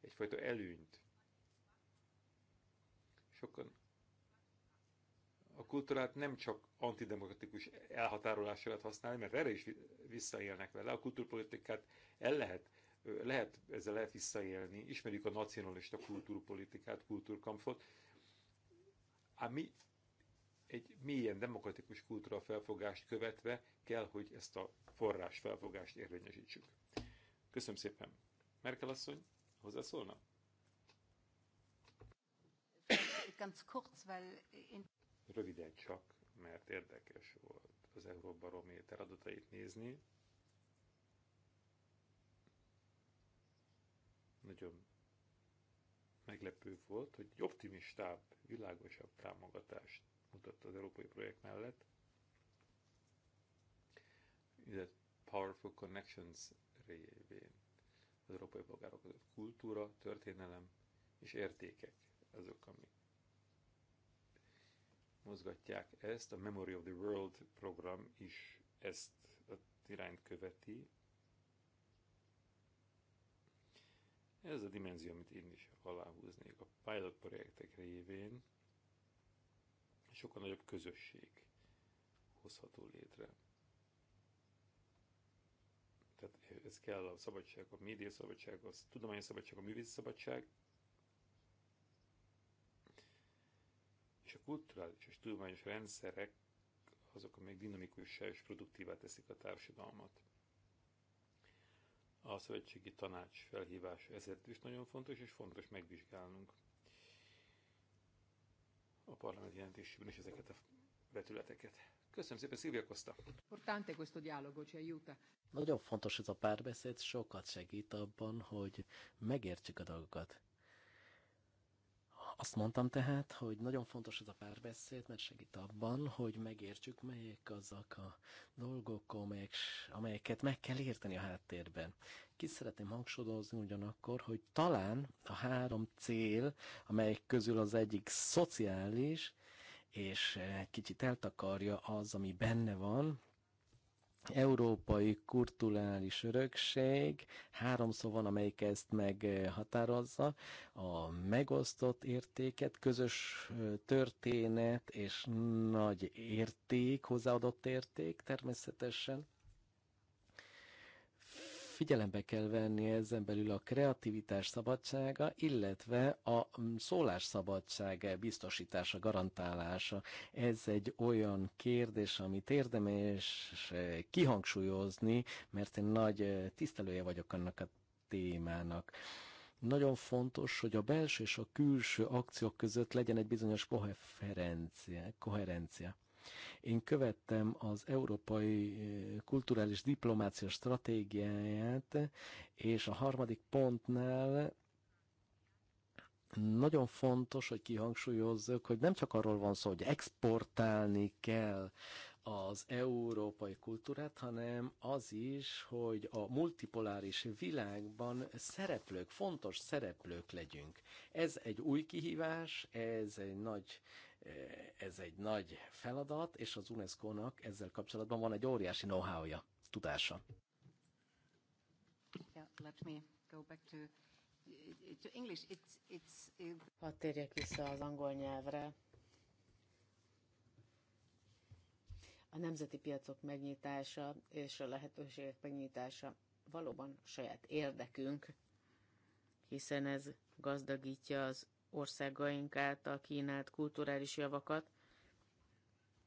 egyfajta előnyt. Sokan a kultúrát nem csak antidemokratikus elhatárolásra lehet használni, mert erre is visszaélnek vele. A kultúrpolitikát el lehet, lehet ezzel lehet visszaélni. Ismerjük a nacionalista kultúrpolitikát, kultúrkampfot. Ám mi egy mélyen demokratikus kultúra felfogást követve kell, hogy ezt a forrás felfogást érvényesítsük. Köszönöm szépen. Merkel asszony, hozzászólna? Röviden csak, mert érdekes volt az Euróbarométer adatait nézni. Nagyon meglepő volt, hogy egy optimistább, világosabb támogatást mutatta az európai projekt mellett. Ide Powerful Connections révén. Az európai polgárok között kultúra, történelem és értékek azok, amik mozgatják ezt. A Memory of the World program is ezt a irányt követi. Ez a dimenzió, amit én is aláhúznék a pilot projektek révén, sokkal nagyobb közösség hozható létre. Tehát ez kell a szabadság, a média szabadság, a tudományos szabadság, a művész szabadság, és a kulturális és tudományos rendszerek azok, amelyek dinamikussá és produktívá teszik a társadalmat. A szövetségi tanács felhívása ezért is nagyon fontos, és fontos megvizsgálnunk a parlament jelentésében is ezeket a vetületeket. Köszönöm szépen, Szilvia Costa. questo dialogo, ci aiuta. Nagyon fontos ez a párbeszéd, sokat segít abban, hogy megértsük a dolgokat. Azt mondtam tehát, hogy nagyon fontos ez a párbeszéd, mert segít abban, hogy megértsük, melyek azok a dolgok, amelyek, amelyeket meg kell érteni a háttérben. Ki szeretném hangsúlyozni ugyanakkor, hogy talán a három cél, amelyek közül az egyik szociális, és egy kicsit eltakarja az, ami benne van, európai kulturális örökség, háromszor van, amelyik ezt meghatározza, a megosztott értéket, közös történet és nagy érték, hozzáadott érték természetesen, figyelembe kell venni ezen belül a kreativitás szabadsága, illetve a mm, szólás szabadsága biztosítása, garantálása. Ez egy olyan kérdés, amit érdemes eh, kihangsúlyozni, mert én nagy eh, tisztelője vagyok annak a témának nagyon fontos, hogy a belső és a külső akciók között legyen egy bizonyos koherencia. koherencia. Én követtem az európai eh, kulturális diplomácia stratégiáját, és a harmadik pontnál nagyon fontos, hogy kihangsúlyozzuk, hogy nem csak arról van szó, hogy exportálni kell az európai kultúrát, hanem az is, hogy a multipoláris világban szereplők, fontos szereplők legyünk. Ez egy új kihívás, ez egy nagy Eh, ez egy nagy feladat, és az UNESCO-nak ezzel kapcsolatban van egy óriási know-how-ja, tudása. Yeah, let me go back to to English, it's, it's, it... Hadd térjek vissza az angol nyelvre. A nemzeti piacok megnyitása és a lehetőségek megnyitása valóban saját érdekünk, hiszen ez gazdagítja az országaink által kínált kulturális javakat,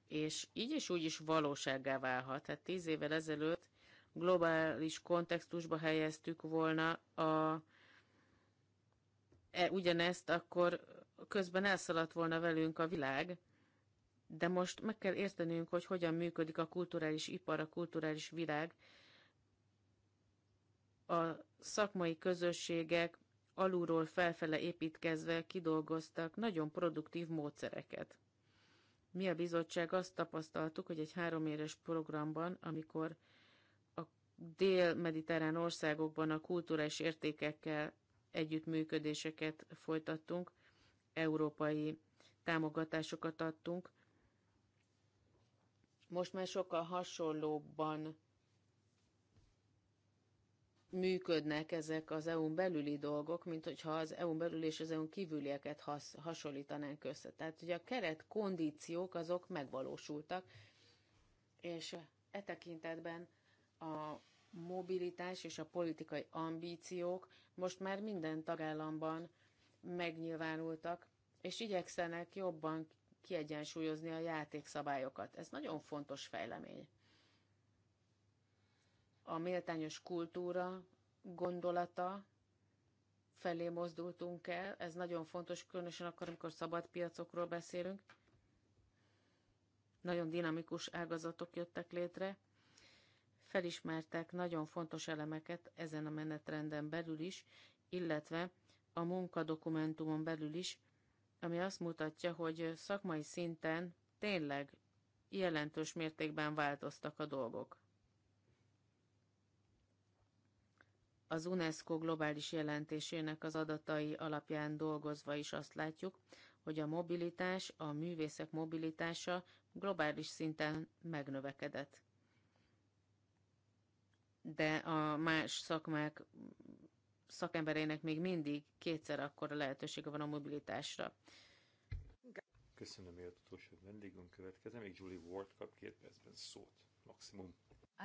és így is úgy is valósággá válhat. Hát tíz évvel ezelőtt globális kontextusba helyeztük volna a, e, ugyanezt, akkor közben elszaladt volna velünk a világ, de most meg kell értenünk, hogy hogyan működik a kulturális ipar, a kulturális világ, a szakmai közösségek alulról felfele építkezve kidolgoztak nagyon produktív módszereket. Mi a bizottság azt tapasztaltuk, hogy egy három éves programban, amikor a dél-mediterrán országokban a kulturális értékekkel együttműködéseket folytattunk, európai támogatásokat adtunk, most már sokkal hasonlóban működnek ezek az EU-n belüli dolgok, mint hogyha az EU-n belül és az EU-n kívülieket has, hasonlítanánk össze. Tehát ugye a keret kondíciók azok megvalósultak, és e tekintetben a mobilitás és a politikai ambíciók most már minden tagállamban megnyilvánultak, és igyekszenek jobban kiegyensúlyozni a játékszabályokat. Ez nagyon fontos fejlemény a méltányos kultúra gondolata felé mozdultunk el. Ez nagyon fontos, különösen akkor, amikor szabad piacokról beszélünk. Nagyon dinamikus ágazatok jöttek létre. Felismertek nagyon fontos elemeket ezen a menetrenden belül is, illetve a munkadokumentumon belül is, ami azt mutatja, hogy szakmai szinten tényleg jelentős mértékben változtak a dolgok. az UNESCO globális jelentésének az adatai alapján dolgozva is azt látjuk, hogy a mobilitás, a művészek mobilitása globális szinten megnövekedett. De a más szakmák szakembereinek még mindig kétszer akkora lehetősége van a mobilitásra. Köszönöm, hogy utolsó vendégünk következem, még Julie Ward kap két percben szót, maximum.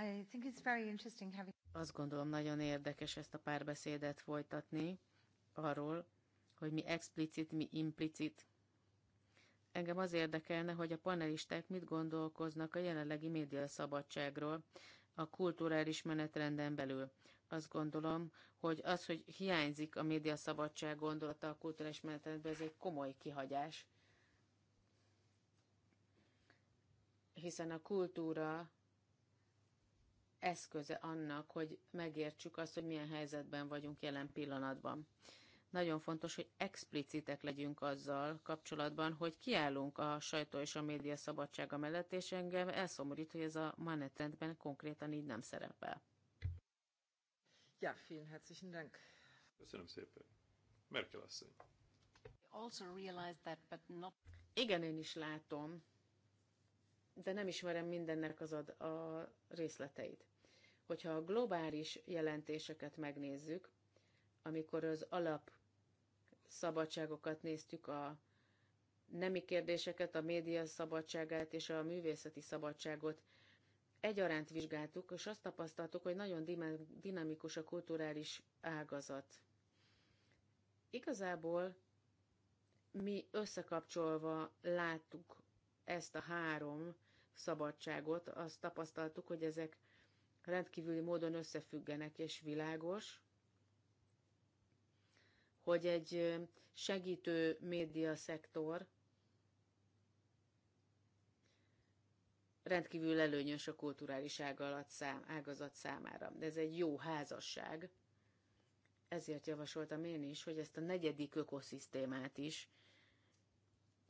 I think it's very interesting having... Azt gondolom nagyon érdekes ezt a párbeszédet folytatni arról, hogy mi explicit, mi implicit. Engem az érdekelne, hogy a panelisták mit gondolkoznak a jelenlegi média szabadságról, a kulturális menetrenden belül. Azt gondolom, hogy az, hogy hiányzik a média szabadság gondolata a kulturális menetrendben, ez egy komoly kihagyás. Hiszen a kultúra eszköze annak, hogy megértsük azt, hogy milyen helyzetben vagyunk jelen pillanatban. Nagyon fontos, hogy explicitek legyünk azzal kapcsolatban, hogy kiállunk a sajtó és a média szabadsága mellett, és engem elszomorít, hogy ez a manetrendben konkrétan így nem szerepel. Ja, vielen herzlichen Dank. Köszönöm szépen. Merkel asszony. Also realized that, but not... Igen, én is látom, de nem ismerem mindennek az ad a részleteit. Hogyha a globális jelentéseket megnézzük, amikor az alap szabadságokat néztük, a nemi kérdéseket, a média szabadságát és a művészeti szabadságot egyaránt vizsgáltuk, és azt tapasztaltuk, hogy nagyon dinamikus a kulturális ágazat. Igazából mi összekapcsolva láttuk ezt a három szabadságot, azt tapasztaltuk, hogy ezek rendkívüli módon összefüggenek, és világos, hogy egy segítő média szektor rendkívül előnyös a kulturális ágazat számára. De ez egy jó házasság, ezért javasoltam én is, hogy ezt a negyedik ökoszisztémát is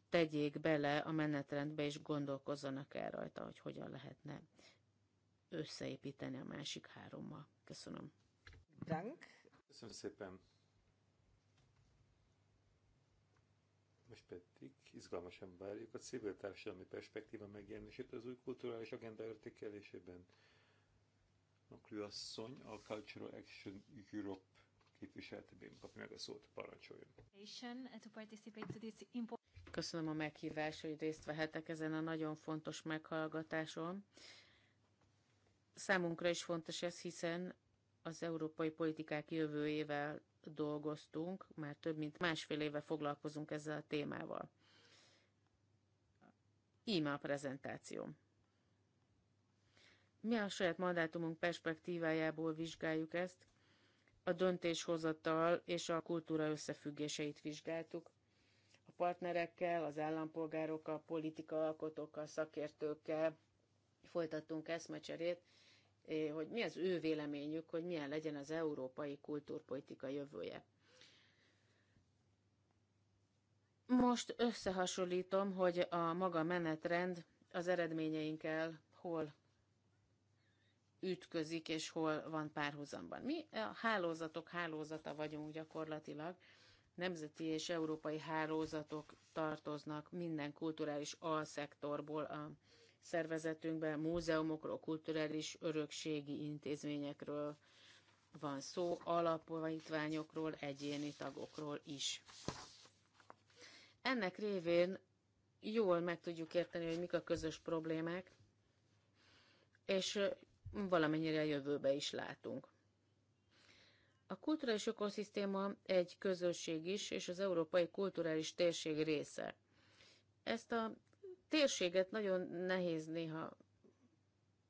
tegyék bele a menetrendbe, és gondolkozzanak el rajta, hogy hogyan lehetne összeépíteni a másik hárommal. Köszönöm. Dank. Köszönöm szépen. Most pedig izgalmasan várjuk a civil társadalmi perspektíva megjelenését az új kulturális agenda értékelésében. a asszony a Cultural Action Europe képviseletében kapja meg a szót, parancsoljon. Köszönöm a meghívást, hogy részt vehetek ezen a nagyon fontos meghallgatáson Számunkra is fontos ez, hiszen az európai politikák jövőjével dolgoztunk, már több mint másfél éve foglalkozunk ezzel a témával. Íme a prezentációm. Mi a saját mandátumunk perspektívájából vizsgáljuk ezt, a döntéshozattal és a kultúra összefüggéseit vizsgáltuk. A partnerekkel, az állampolgárokkal, politika alkotókkal, szakértőkkel folytattunk eszmecserét, Eh, hogy mi az ő véleményük, hogy milyen legyen az európai kultúrpolitika jövője. Most összehasonlítom, hogy a maga menetrend az eredményeinkkel hol ütközik, és hol van párhuzamban. Mi a hálózatok hálózata vagyunk gyakorlatilag. Nemzeti és európai hálózatok tartoznak minden kulturális alszektorból a szervezetünkben múzeumokról, kulturális örökségi intézményekről van szó, alapítványokról, egyéni tagokról is. Ennek révén jól meg tudjuk érteni, hogy mik a közös problémák, és valamennyire a jövőbe is látunk. A kulturális ökoszisztéma egy közösség is, és az európai kulturális térség része. Ezt a térséget nagyon nehéz néha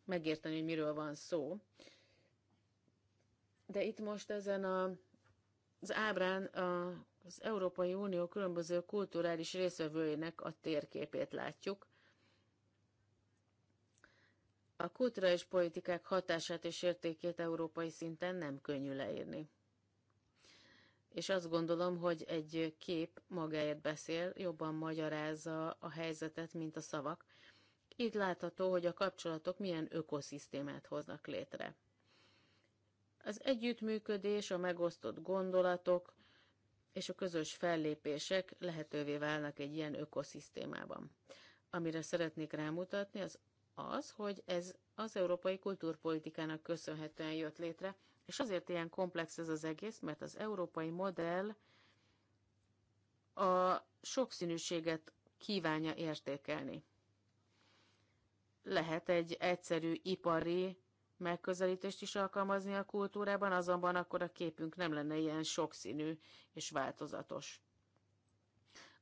megérteni, hogy miről van szó. De itt most ezen a, az ábrán a, az Európai Unió különböző kulturális részvevőinek a térképét látjuk. A kulturális politikák hatását és értékét európai szinten nem könnyű leírni és azt gondolom, hogy egy kép magáért beszél, jobban magyarázza a helyzetet, mint a szavak. Így látható, hogy a kapcsolatok milyen ökoszisztémát hoznak létre. Az együttműködés, a megosztott gondolatok és a közös fellépések lehetővé válnak egy ilyen ökoszisztémában. Amire szeretnék rámutatni, az az, hogy ez az európai kultúrpolitikának köszönhetően jött létre, és azért ilyen komplex ez az egész, mert az európai modell a sokszínűséget kívánja értékelni. Lehet egy egyszerű ipari megközelítést is alkalmazni a kultúrában, azonban akkor a képünk nem lenne ilyen sokszínű és változatos.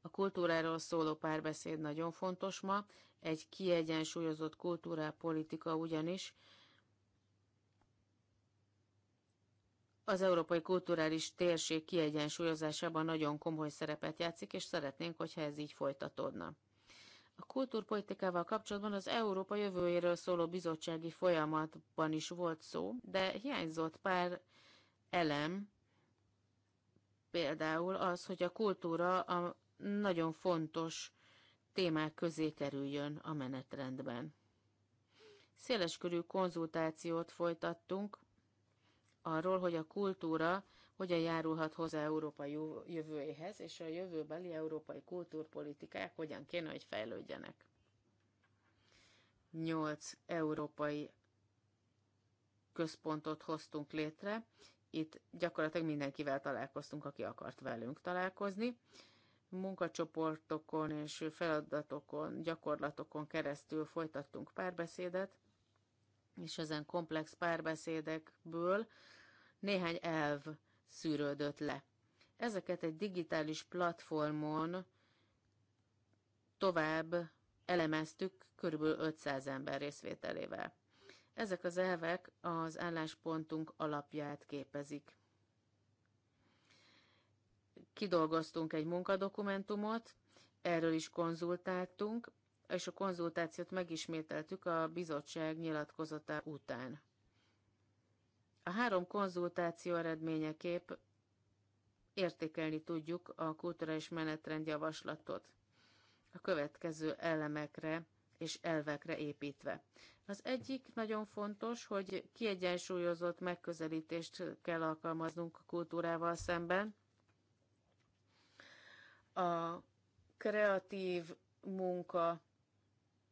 A kultúráról szóló párbeszéd nagyon fontos ma, egy kiegyensúlyozott kultúrápolitika ugyanis az európai kulturális térség kiegyensúlyozásában nagyon komoly szerepet játszik, és szeretnénk, hogyha ez így folytatódna. A kultúrpolitikával kapcsolatban az Európa jövőjéről szóló bizottsági folyamatban is volt szó, de hiányzott pár elem, például az, hogy a kultúra a nagyon fontos témák közé kerüljön a menetrendben. Széleskörű konzultációt folytattunk arról, hogy a kultúra hogyan járulhat hozzá Európa jövőjéhez, és a jövőbeli európai kultúrpolitikák hogyan kéne, hogy fejlődjenek. Nyolc európai központot hoztunk létre. Itt gyakorlatilag mindenkivel találkoztunk, aki akart velünk találkozni. Munkacsoportokon és feladatokon, gyakorlatokon keresztül folytattunk párbeszédet, és ezen komplex párbeszédekből néhány elv szűrődött le. Ezeket egy digitális platformon tovább elemeztük körülbelül 500 ember részvételével. Ezek az elvek az álláspontunk alapját képezik. Kidolgoztunk egy munkadokumentumot, erről is konzultáltunk, és a konzultációt megismételtük a bizottság nyilatkozata után. A három konzultáció eredményeképp értékelni tudjuk a kulturális menetrend javaslatot a következő elemekre és elvekre építve. Az egyik nagyon fontos, hogy kiegyensúlyozott megközelítést kell alkalmaznunk a kultúrával szemben. A kreatív munka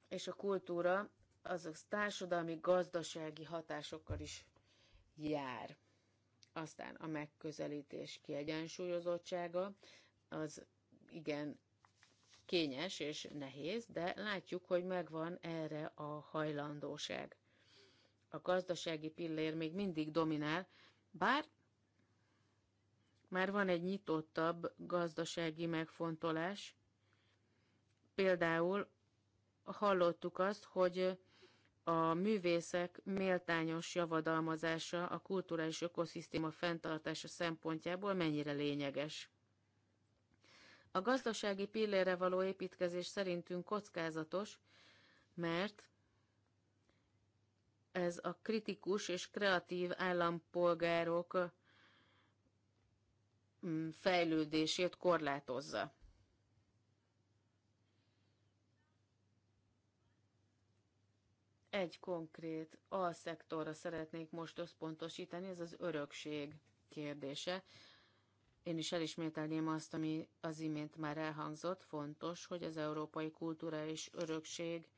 és a kultúra a társadalmi, gazdasági hatásokkal is jár. Aztán a megközelítés kiegyensúlyozottsága az igen kényes és nehéz, de látjuk, hogy megvan erre a hajlandóság. A gazdasági pillér még mindig dominál, bár már van egy nyitottabb gazdasági megfontolás. Például hallottuk azt, hogy a művészek méltányos javadalmazása a kulturális ökoszisztéma fenntartása szempontjából mennyire lényeges. A gazdasági pillére való építkezés szerintünk kockázatos, mert ez a kritikus és kreatív állampolgárok mm, fejlődését korlátozza. Egy konkrét alszektorra szeretnék most összpontosítani, ez az örökség kérdése. Én is elismételném azt, ami az imént már elhangzott. Fontos, hogy az európai kultúra és örökség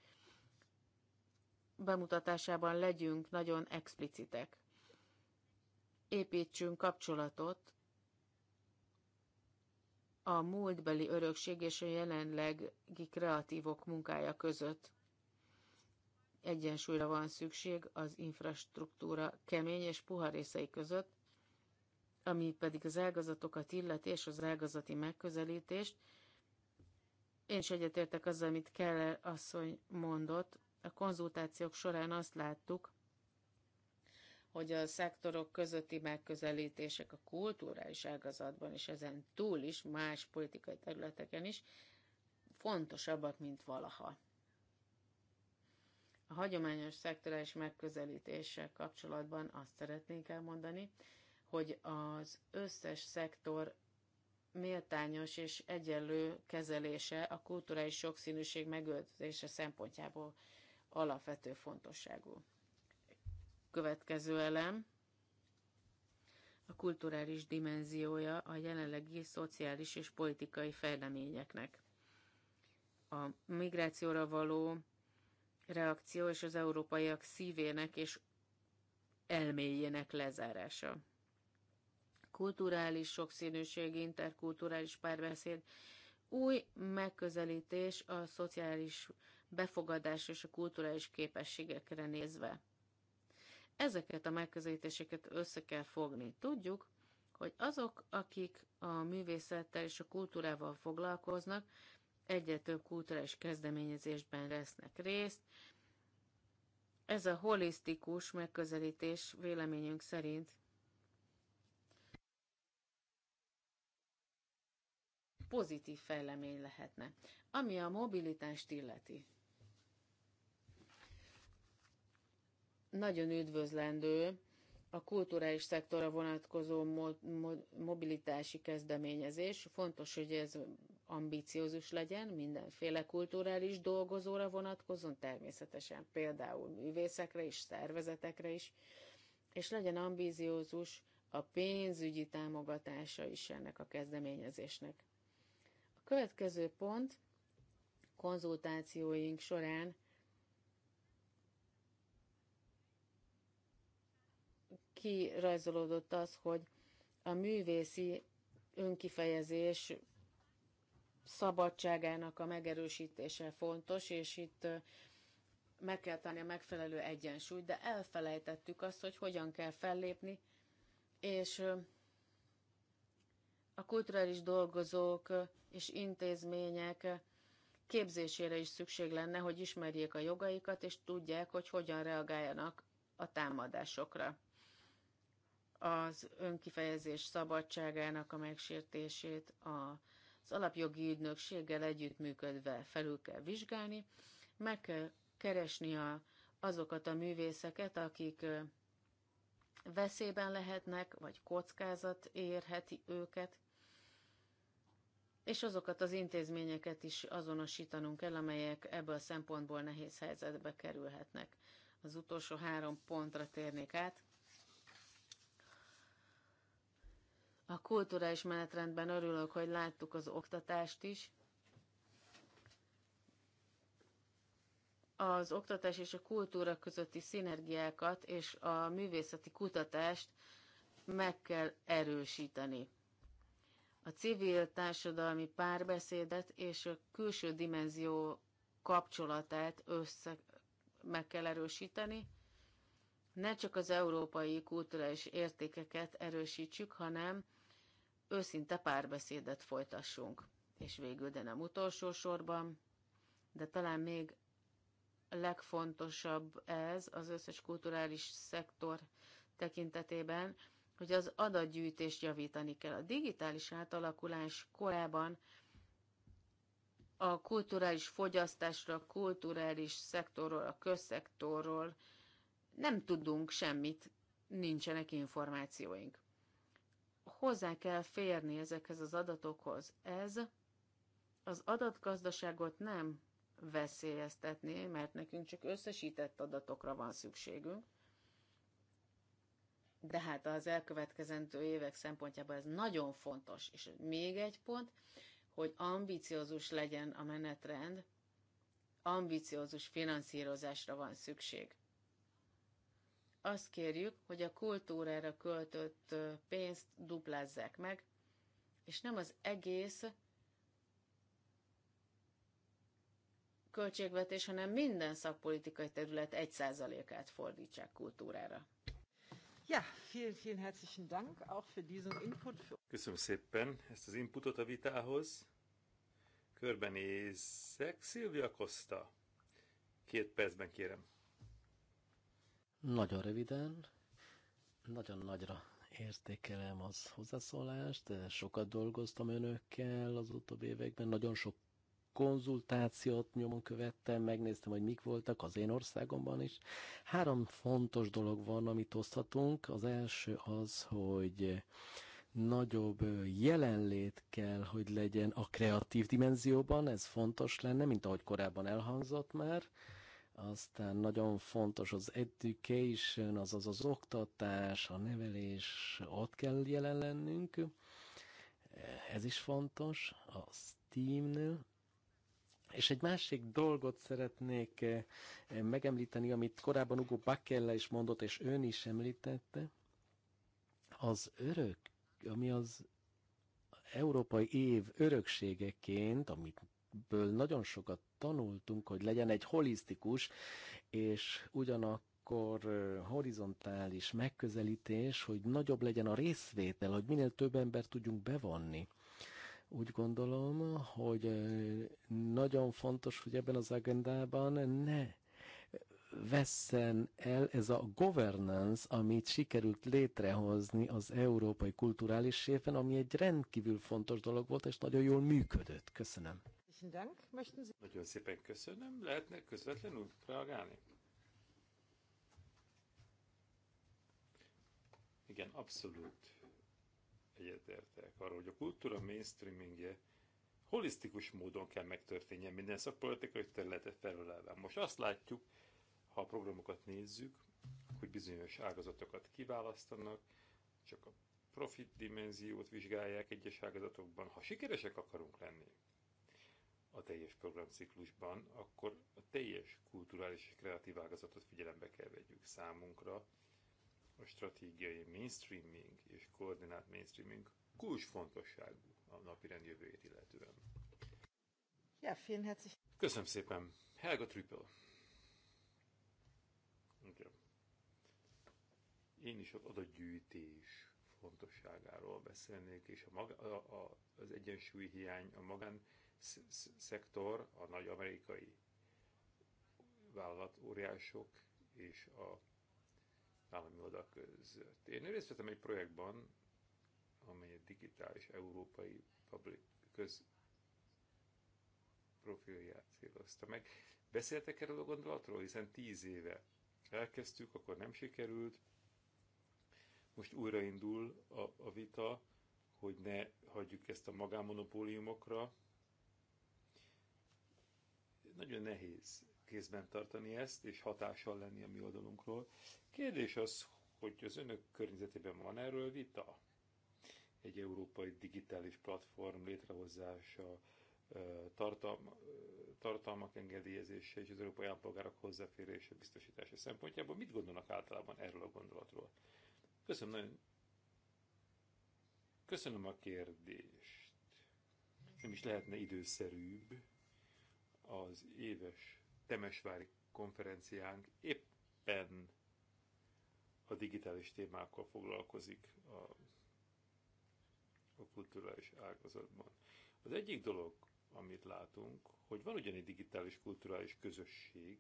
bemutatásában legyünk nagyon explicitek. Építsünk kapcsolatot a múltbeli örökség és a jelenlegi kreatívok munkája között. Egyensúlyra van szükség az infrastruktúra kemény és puha részei között, ami pedig az ágazatokat illeti és az ágazati megközelítést. Én is egyetértek azzal, amit Keller asszony mondott. A konzultációk során azt láttuk, hogy a szektorok közötti megközelítések a kulturális ágazatban és ezen túl is, más politikai területeken is fontosabbak, mint valaha. A hagyományos szektorális megközelítéssel kapcsolatban azt szeretnénk elmondani, hogy az összes szektor méltányos és egyenlő kezelése a kulturális sokszínűség megőrzése szempontjából alapvető fontosságú. Következő elem a kulturális dimenziója a jelenlegi szociális és politikai fejleményeknek. A migrációra való reakció és az európaiak szívének és elméjének lezárása. Kulturális sokszínűség, interkulturális párbeszéd, új megközelítés a szociális befogadás és a kulturális képességekre nézve. Ezeket a megközelítéseket össze kell fogni. Tudjuk, hogy azok, akik a művészettel és a kultúrával foglalkoznak, egyre több kulturális kezdeményezésben lesznek részt. Ez a holisztikus megközelítés véleményünk szerint pozitív fejlemény lehetne, ami a mobilitást illeti. Nagyon üdvözlendő a kulturális szektorra vonatkozó mo- mo- mobilitási kezdeményezés. Fontos, hogy ez ambíciózus legyen, mindenféle kulturális dolgozóra vonatkozóan természetesen például művészekre is, szervezetekre is, és legyen ambíciózus a pénzügyi támogatása is ennek a kezdeményezésnek. A következő pont konzultációink során kirajzolódott az, hogy a művészi önkifejezés szabadságának a megerősítése fontos, és itt meg kell tenni a megfelelő egyensúlyt, de elfelejtettük azt, hogy hogyan kell fellépni, és a kulturális dolgozók és intézmények képzésére is szükség lenne, hogy ismerjék a jogaikat, és tudják, hogy hogyan reagáljanak a támadásokra. Az önkifejezés szabadságának a megsértését, a az alapjogi ügynökséggel együttműködve felül kell vizsgálni, meg kell keresni a, azokat a művészeket, akik veszélyben lehetnek, vagy kockázat érheti őket, és azokat az intézményeket is azonosítanunk el, amelyek ebből a szempontból nehéz helyzetbe kerülhetnek. Az utolsó három pontra térnék át. A kulturális menetrendben örülök, hogy láttuk az oktatást is. Az oktatás és a kultúra közötti szinergiákat és a művészeti kutatást meg kell erősíteni. A civil társadalmi párbeszédet és a külső dimenzió kapcsolatát össze meg kell erősíteni. Ne csak az európai kulturális értékeket erősítsük, hanem őszinte párbeszédet folytassunk. És végül, de nem utolsó sorban, de talán még legfontosabb ez az összes kulturális szektor tekintetében, hogy az adatgyűjtést javítani kell. A digitális átalakulás korában a kulturális fogyasztásról, a kulturális szektorról, a közszektorról nem tudunk semmit, nincsenek információink hozzá kell férni ezekhez az adatokhoz. Ez az adatgazdaságot nem veszélyeztetné, mert nekünk csak összesített adatokra van szükségünk, de hát az elkövetkezendő évek szempontjából ez nagyon fontos. És még egy pont, hogy ambiciózus legyen a menetrend, ambiciózus finanszírozásra van szükség azt kérjük, hogy a kultúrára költött pénzt duplázzák meg, és nem az egész költségvetés, hanem minden szakpolitikai terület egy át fordítsák kultúrára. Ja, vielen, vielen herzlichen Dank auch für diesen Input. Köszönöm szépen ezt az inputot a vitához. Körbenézek, Szilvia Costa. Két percben kérem. Nagyon röviden, nagyon nagyra értékelem az hozzászólást, sokat dolgoztam önökkel az utóbbi években, nagyon sok konzultációt nyomon követtem, megnéztem, hogy mik voltak az én országomban is. Három fontos dolog van, amit oszthatunk. Az első az, hogy nagyobb jelenlét kell, hogy legyen a kreatív dimenzióban, ez fontos lenne, mint ahogy korábban elhangzott már. Aztán nagyon fontos az education, azaz az oktatás, a nevelés, ott kell jelen lennünk. Ez is fontos a Steamnél. És egy másik dolgot szeretnék eh, megemlíteni, amit korábban Ugo Bakella is mondott, és ön is említette, az örök, ami az európai év örökségeként, amiből nagyon sokat tanultunk, hogy legyen egy holisztikus és ugyanakkor akkor horizontális megközelítés, hogy nagyobb legyen a részvétel, hogy minél több ember tudjunk bevonni. Úgy gondolom, hogy nagyon fontos, hogy ebben az agendában ne vesszen el ez a governance, amit sikerült létrehozni az Európai Kulturális Éven, ami egy rendkívül fontos dolog volt, és nagyon jól működött. Köszönöm. Herzlichen Dank. Möchten Sie... Nagyon szépen köszönöm. Lehetne közvetlenül reagálni? Igen, abszolút egyetértek arról, hogy a kultúra mainstreamingje holisztikus módon kell megtörténjen minden szakpolitikai területe felölelve. Most azt látjuk, ha a programokat nézzük, hogy bizonyos ágazatokat kiválasztanak, csak a profit dimenziót vizsgálják egyes ágazatokban. Ha sikeresek akarunk lenni, a teljes programciklusban, akkor a teljes kulturális és kreatív ágazatot figyelembe kell vegyük számunkra. A stratégiai mainstreaming és koordinált mainstreaming kulcsfontosságú a napirend jövőjét illetően. Ja, vielen herzlich. Köszönöm szépen. Helga Trüppel. Igen. Én is az adatgyűjtés fontosságáról beszélnék, és a maga, a, a, az egyensúlyhiány a magán szektor, a nagy amerikai vállalatúriások és a állami oldal között. Én részt vettem egy projektban, amely a digitális európai public köz profilját célozta meg. Beszéltek erről a gondolatról, hiszen tíz éve elkezdtük, akkor nem sikerült, most újraindul a, a vita, hogy ne hagyjuk ezt a magánmonopóliumokra, nagyon nehéz kézben tartani ezt, és hatással lenni a mi oldalunkról. Kérdés az, hogy az önök környezetében van erről vita? Egy európai digitális platform létrehozása, tartalma, tartalmak engedélyezése és az európai állampolgárok hozzáférése biztosítása szempontjából mit gondolnak általában erről a gondolatról? Köszönöm nagyon. Köszönöm a kérdést. Nem is lehetne időszerűbb az éves Temesvári konferenciánk éppen a digitális témákkal foglalkozik a, a kulturális ágazatban. Az egyik dolog, amit látunk, hogy van ugyan egy digitális kulturális közösség,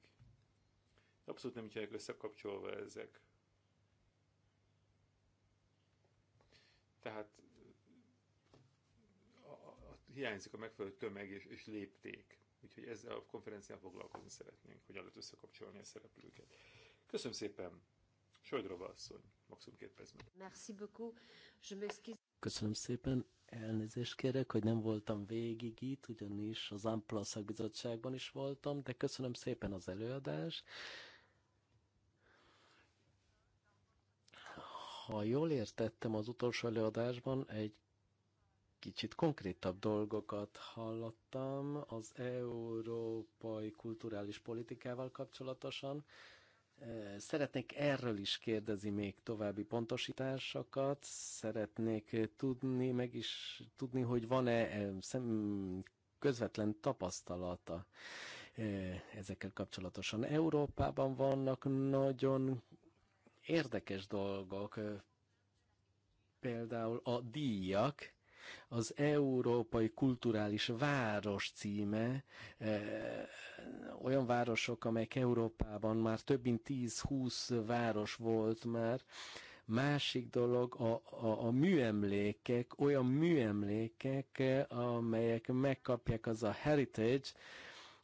abszolút nem tudják összekapcsolva ezek. Tehát a, a, a, hiányzik a megfelelő tömeg és, és lépték. Úgyhogy ezzel a konferencián foglalkozni szeretnénk, hogy előtt összekapcsolni a szereplőket. Köszönöm szépen! Sojdrova asszony, maximum két percben. Merci beaucoup. Je Köszönöm szépen, elnézést kérek, hogy nem voltam végig itt, ugyanis az Ampla szakbizottságban is voltam, de köszönöm szépen az előadást. Ha jól értettem, az utolsó előadásban egy kicsit konkrétabb dolgokat hallottam az európai kulturális politikával kapcsolatosan. Szeretnék erről is kérdezni még további pontosításokat. Szeretnék tudni, meg is tudni, hogy van-e közvetlen tapasztalata ezekkel kapcsolatosan. Európában vannak nagyon érdekes dolgok, például a díjak, az Európai Kulturális Város címe eh, olyan városok, amelyek Európában már több mint 10-20 város volt már, Másik dolog a, a, a műemlékek, olyan műemlékek, eh, amelyek megkapják az a heritage,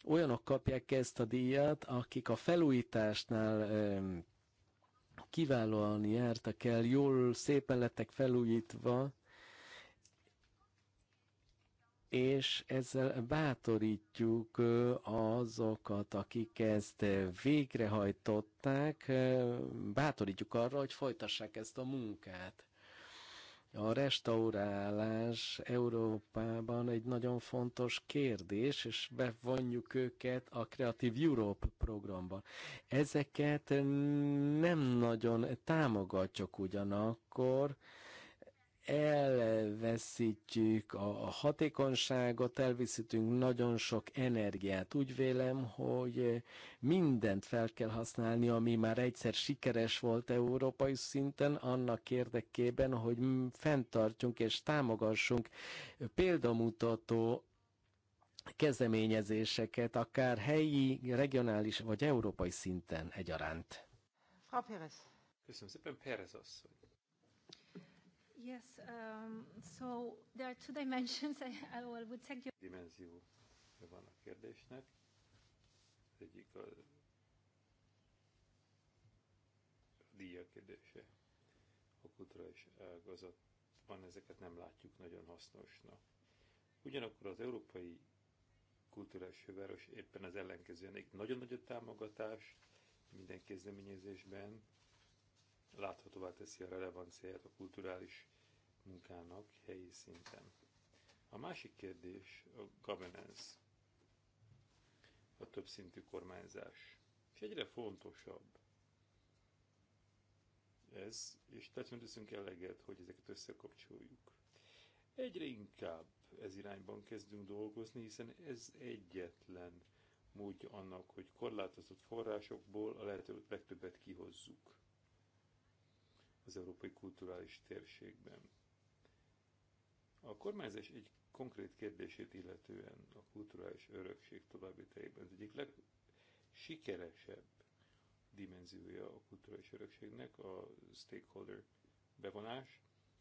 olyanok kapják ezt a díjat, akik a felújításnál eh, kiválóan jártak el, jól, szépen lettek felújítva, és ezzel bátorítjuk azokat, akik ezt végrehajtották, bátorítjuk arra, hogy folytassák ezt a munkát. A restaurálás Európában egy nagyon fontos kérdés, és bevonjuk őket a Creative Europe programba. Ezeket nem nagyon támogatjuk ugyanakkor, elveszítjük a hatékonyságot, elveszítünk nagyon sok energiát. Úgy vélem, hogy mindent fel kell használni, ami már egyszer sikeres volt európai szinten, annak érdekében, hogy fenntartjunk és támogassunk példamutató kezdeményezéseket, akár helyi, regionális vagy európai szinten egyaránt. Frau Pérez. Köszönöm szépen, Pérez asszony. Yes, um, so there are two dimensions. I, I will would take you... Dimenzió van a kérdésnek. Az egyik a, a díja kérdése. A kulturális ágazatban ezeket nem látjuk nagyon hasznosnak. Ugyanakkor az európai kulturális főváros éppen az ellenkezőnek nagyon nagy a támogatás minden kezdeményezésben, láthatóvá teszi a relevanciáját a kulturális munkának helyi szinten. A másik kérdés a governance, a többszintű kormányzás. És egyre fontosabb ez, és tehát teszünk eleget, hogy ezeket összekapcsoljuk. Egyre inkább ez irányban kezdünk dolgozni, hiszen ez egyetlen módja annak, hogy korlátozott forrásokból a lehető legtöbbet kihozzuk az európai kulturális térségben. A kormányzás egy konkrét kérdését illetően a kulturális örökség további teljében az egyik legsikeresebb dimenziója a kulturális örökségnek a stakeholder bevonás,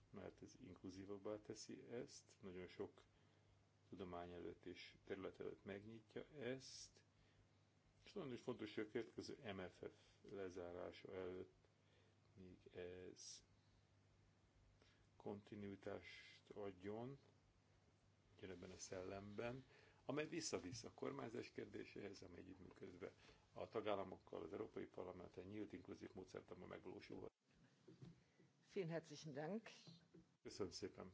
mert ez inkluzívabbá teszi ezt, nagyon sok tudomány előtt és terület előtt megnyitja ezt, és nagyon is fontos, hogy a következő MFF lezárása előtt még ez kontinuitást adjon, ugyanebben a szellemben, amely visszavisz a kormányzás kérdéséhez, amely együttműködve a tagállamokkal, az Európai Parlamenten nyílt inkluzív módszertanban megvalósul. Vielen herzlichen Dank. Köszönöm szépen.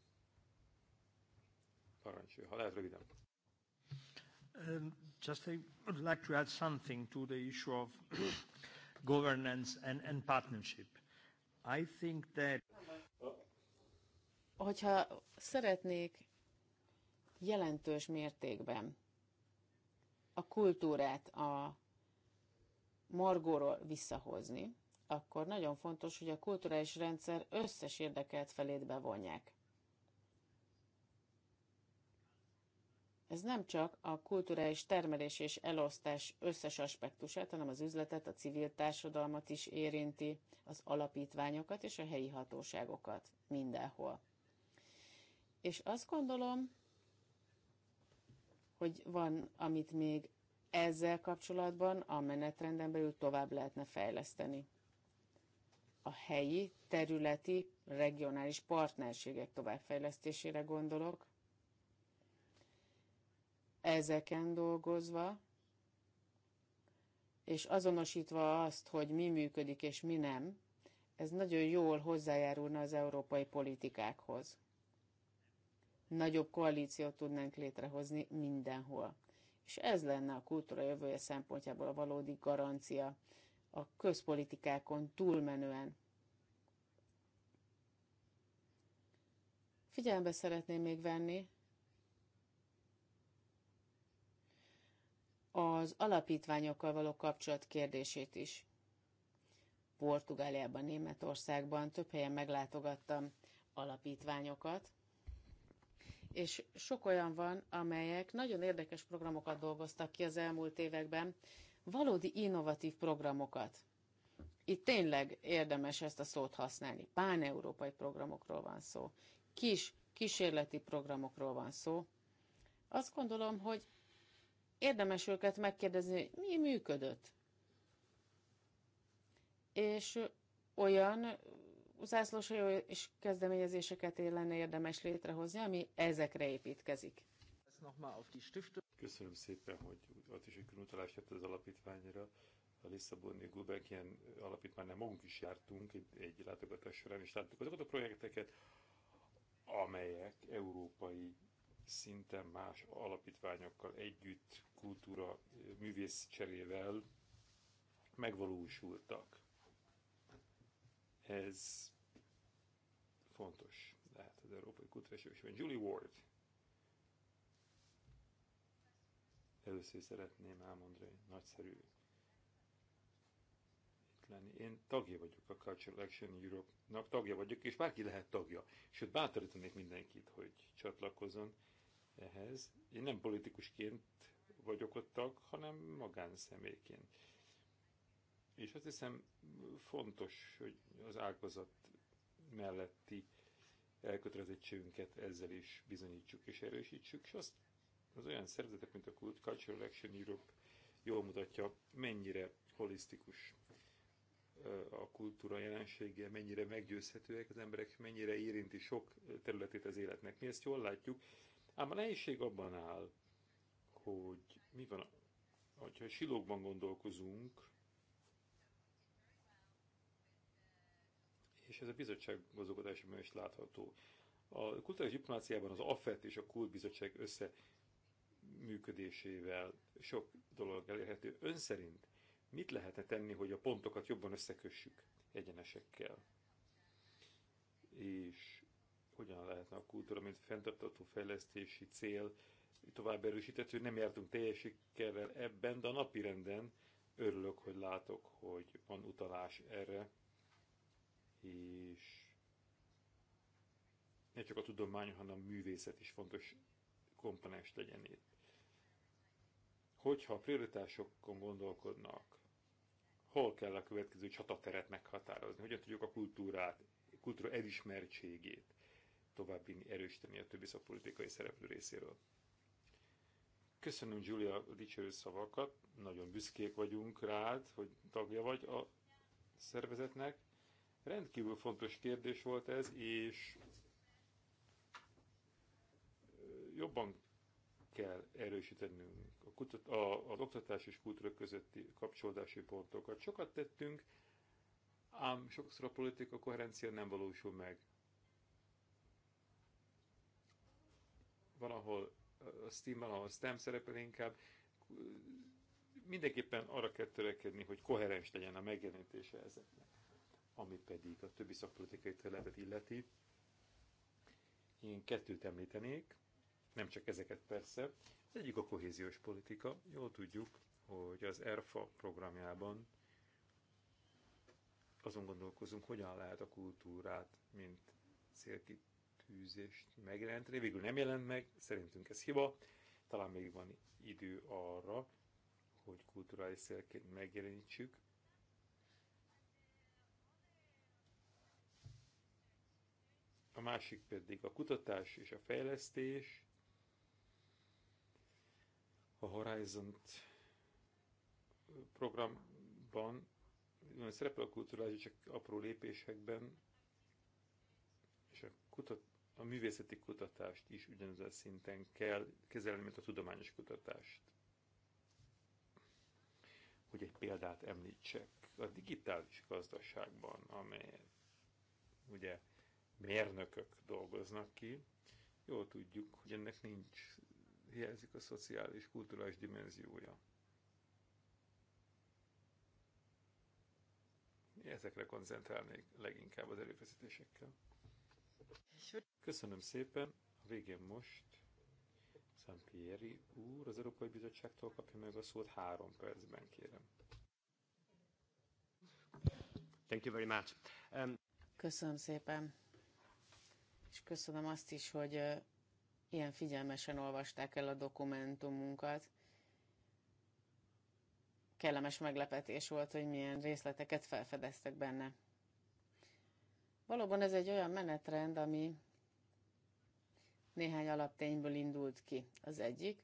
Parancsolj, ha lehet röviden. Um, just I would like to add something to the issue of governance and, and partnership. I think that... Hogyha szeretnék jelentős mértékben a kultúrát a margóról visszahozni, akkor nagyon fontos, hogy a kulturális rendszer összes érdekelt felét bevonják. Ez nem csak a kulturális termelés és elosztás összes aspektusát, hanem az üzletet, a civil társadalmat is érinti, az alapítványokat és a helyi hatóságokat mindenhol. És azt gondolom, hogy van, amit még ezzel kapcsolatban a menetrenden belül tovább lehetne fejleszteni. A helyi, területi, regionális partnerségek továbbfejlesztésére gondolok, ezeken dolgozva, és azonosítva azt, hogy mi működik és mi nem, ez nagyon jól hozzájárulna az európai politikákhoz. Nagyobb koalíciót tudnánk létrehozni mindenhol. És ez lenne a kultúra jövője szempontjából a valódi garancia a közpolitikákon túlmenően. Figyelembe szeretném még venni, az alapítványokkal való kapcsolat kérdését is. Portugáliában, Németországban több helyen meglátogattam alapítványokat, és sok olyan van, amelyek nagyon érdekes programokat dolgoztak ki az elmúlt években, valódi innovatív programokat. Itt tényleg érdemes ezt a szót használni. Pán-európai programokról van szó. Kis, kísérleti programokról van szó. Azt gondolom, hogy érdemes őket megkérdezni, mi működött. És olyan zászlós és kezdeményezéseket lenne érdemes létrehozni, ami ezekre építkezik. Köszönöm szépen, hogy ott is egy különutalást tett az alapítványra. A Lisszaboni Gulbenkian alapítványnál magunk is jártunk egy, egy látogatás során, és láttuk azokat a projekteket, amelyek európai szinten más alapítványokkal együtt, kultúra, művész cserével megvalósultak. Ez fontos lehet az Európai Kultúrás Julie Ward. Először szeretném elmondani, nagyszerű itt lenni. Én tagja vagyok a Cultural Action Europe-nak, tagja vagyok, és bárki lehet tagja. Sőt, bátorítanék mindenkit, hogy csatlakozzon ehhez. Én nem politikusként vagyok ott tag, hanem magánszemélyként. És azt hiszem fontos, hogy az ágazat melletti elkötelezettségünket ezzel is bizonyítsuk és erősítsük, és azt az olyan szervezetek, mint a Cultural Action Europe jól mutatja, mennyire holisztikus a kultúra jelensége, mennyire meggyőzhetőek az emberek, mennyire érinti sok területét az életnek. Mi ezt jól látjuk, Ám a nehézség abban áll, hogy mi van, hogyha silókban gondolkozunk, és ez a bizottság gazdálkodásában is látható. A kulturális diplomáciában az AFET és a KUL bizottság összeműködésével sok dolog elérhető. Ön szerint mit lehetne tenni, hogy a pontokat jobban összekössük egyenesekkel? És hogyan lehetne a kultúra, mint fenntartató fejlesztési cél tovább erősített, hogy nem jártunk teljes sikerrel ebben, de a napi renden örülök, hogy látok, hogy van utalás erre, és ne csak a tudomány, hanem a művészet is fontos komponens legyen itt. Hogyha a prioritásokon gondolkodnak, hol kell a következő csatateret meghatározni, hogyan tudjuk a kultúrát, kultúra elismertségét továbbvinni, erősíteni a többi szakpolitikai szereplő részéről. Köszönöm, Julia, a dicsérő szavakat. Nagyon büszkék vagyunk rád, hogy tagja vagy a szervezetnek. Rendkívül fontos kérdés volt ez, és jobban kell erősítenünk a kutat, a, az oktatás és kultúra közötti kapcsolódási pontokat. Sokat tettünk, ám sokszor a politika koherencia nem valósul meg. valahol a Steam, valahol a STEM szerepel inkább. Mindenképpen arra kell törekedni, hogy koherens legyen a megjelenítése ezeknek. Ami pedig a többi szakpolitikai területet illeti, én kettőt említenék, nem csak ezeket persze. Az egyik a kohéziós politika. Jól tudjuk, hogy az ERFA programjában azon gondolkozunk, hogyan lehet a kultúrát, mint célkit tűzést megjelenteni. Végül nem jelent meg, szerintünk ez hiba. Talán még van idő arra, hogy kulturális szélként megjelenítsük. A másik pedig a kutatás és a fejlesztés. A Horizon programban szerepel a kulturális, csak apró lépésekben, és a kutatás a művészeti kutatást is ugyanezzel szinten kell kezelni, mint a tudományos kutatást. Hogy egy példát említsek, a digitális gazdaságban, amely ugye mérnökök dolgoznak ki, jól tudjuk, hogy ennek nincs, hiányzik a szociális, kulturális dimenziója. Ezekre koncentrálnék leginkább az erőfeszítésekkel. Köszönöm szépen. A végén most Sampieri úr az Európai Bizottságtól kapja meg a szót három percben, kérem. Thank you very much. Um... Köszönöm szépen. És köszönöm azt is, hogy ilyen figyelmesen olvasták el a dokumentumunkat. Kellemes meglepetés volt, hogy milyen részleteket felfedeztek benne. Valóban ez egy olyan menetrend, ami néhány alaptényből indult ki. Az egyik,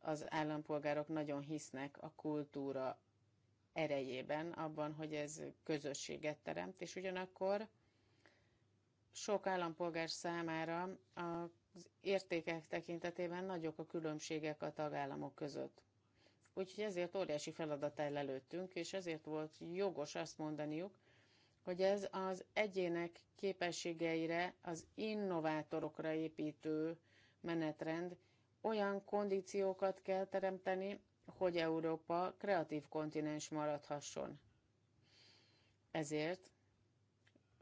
az állampolgárok nagyon hisznek a kultúra erejében, abban, hogy ez közösséget teremt, és ugyanakkor sok állampolgár számára az értékek tekintetében nagyok a különbségek a tagállamok között. Úgyhogy ezért óriási feladat el előttünk, és ezért volt jogos azt mondaniuk, hogy ez az egyének képességeire, az innovátorokra építő menetrend olyan kondíciókat kell teremteni, hogy Európa kreatív kontinens maradhasson. Ezért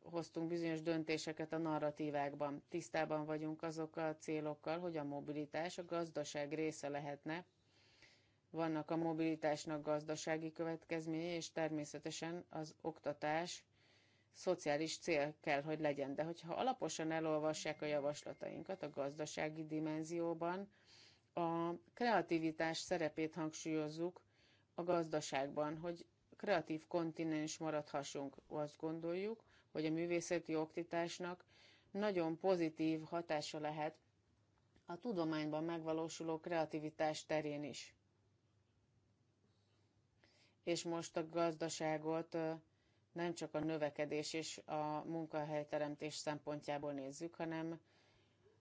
hoztunk bizonyos döntéseket a narratívákban. Tisztában vagyunk azokkal a célokkal, hogy a mobilitás a gazdaság része lehetne. Vannak a mobilitásnak gazdasági következményei, és természetesen az oktatás szociális cél kell, hogy legyen. De hogyha alaposan elolvassák a javaslatainkat a gazdasági dimenzióban, a kreativitás szerepét hangsúlyozzuk a gazdaságban, hogy kreatív kontinens maradhassunk. Azt gondoljuk, hogy a művészeti oktatásnak nagyon pozitív hatása lehet a tudományban megvalósuló kreativitás terén is. És most a gazdaságot nem csak a növekedés és a munkahelyteremtés szempontjából nézzük, hanem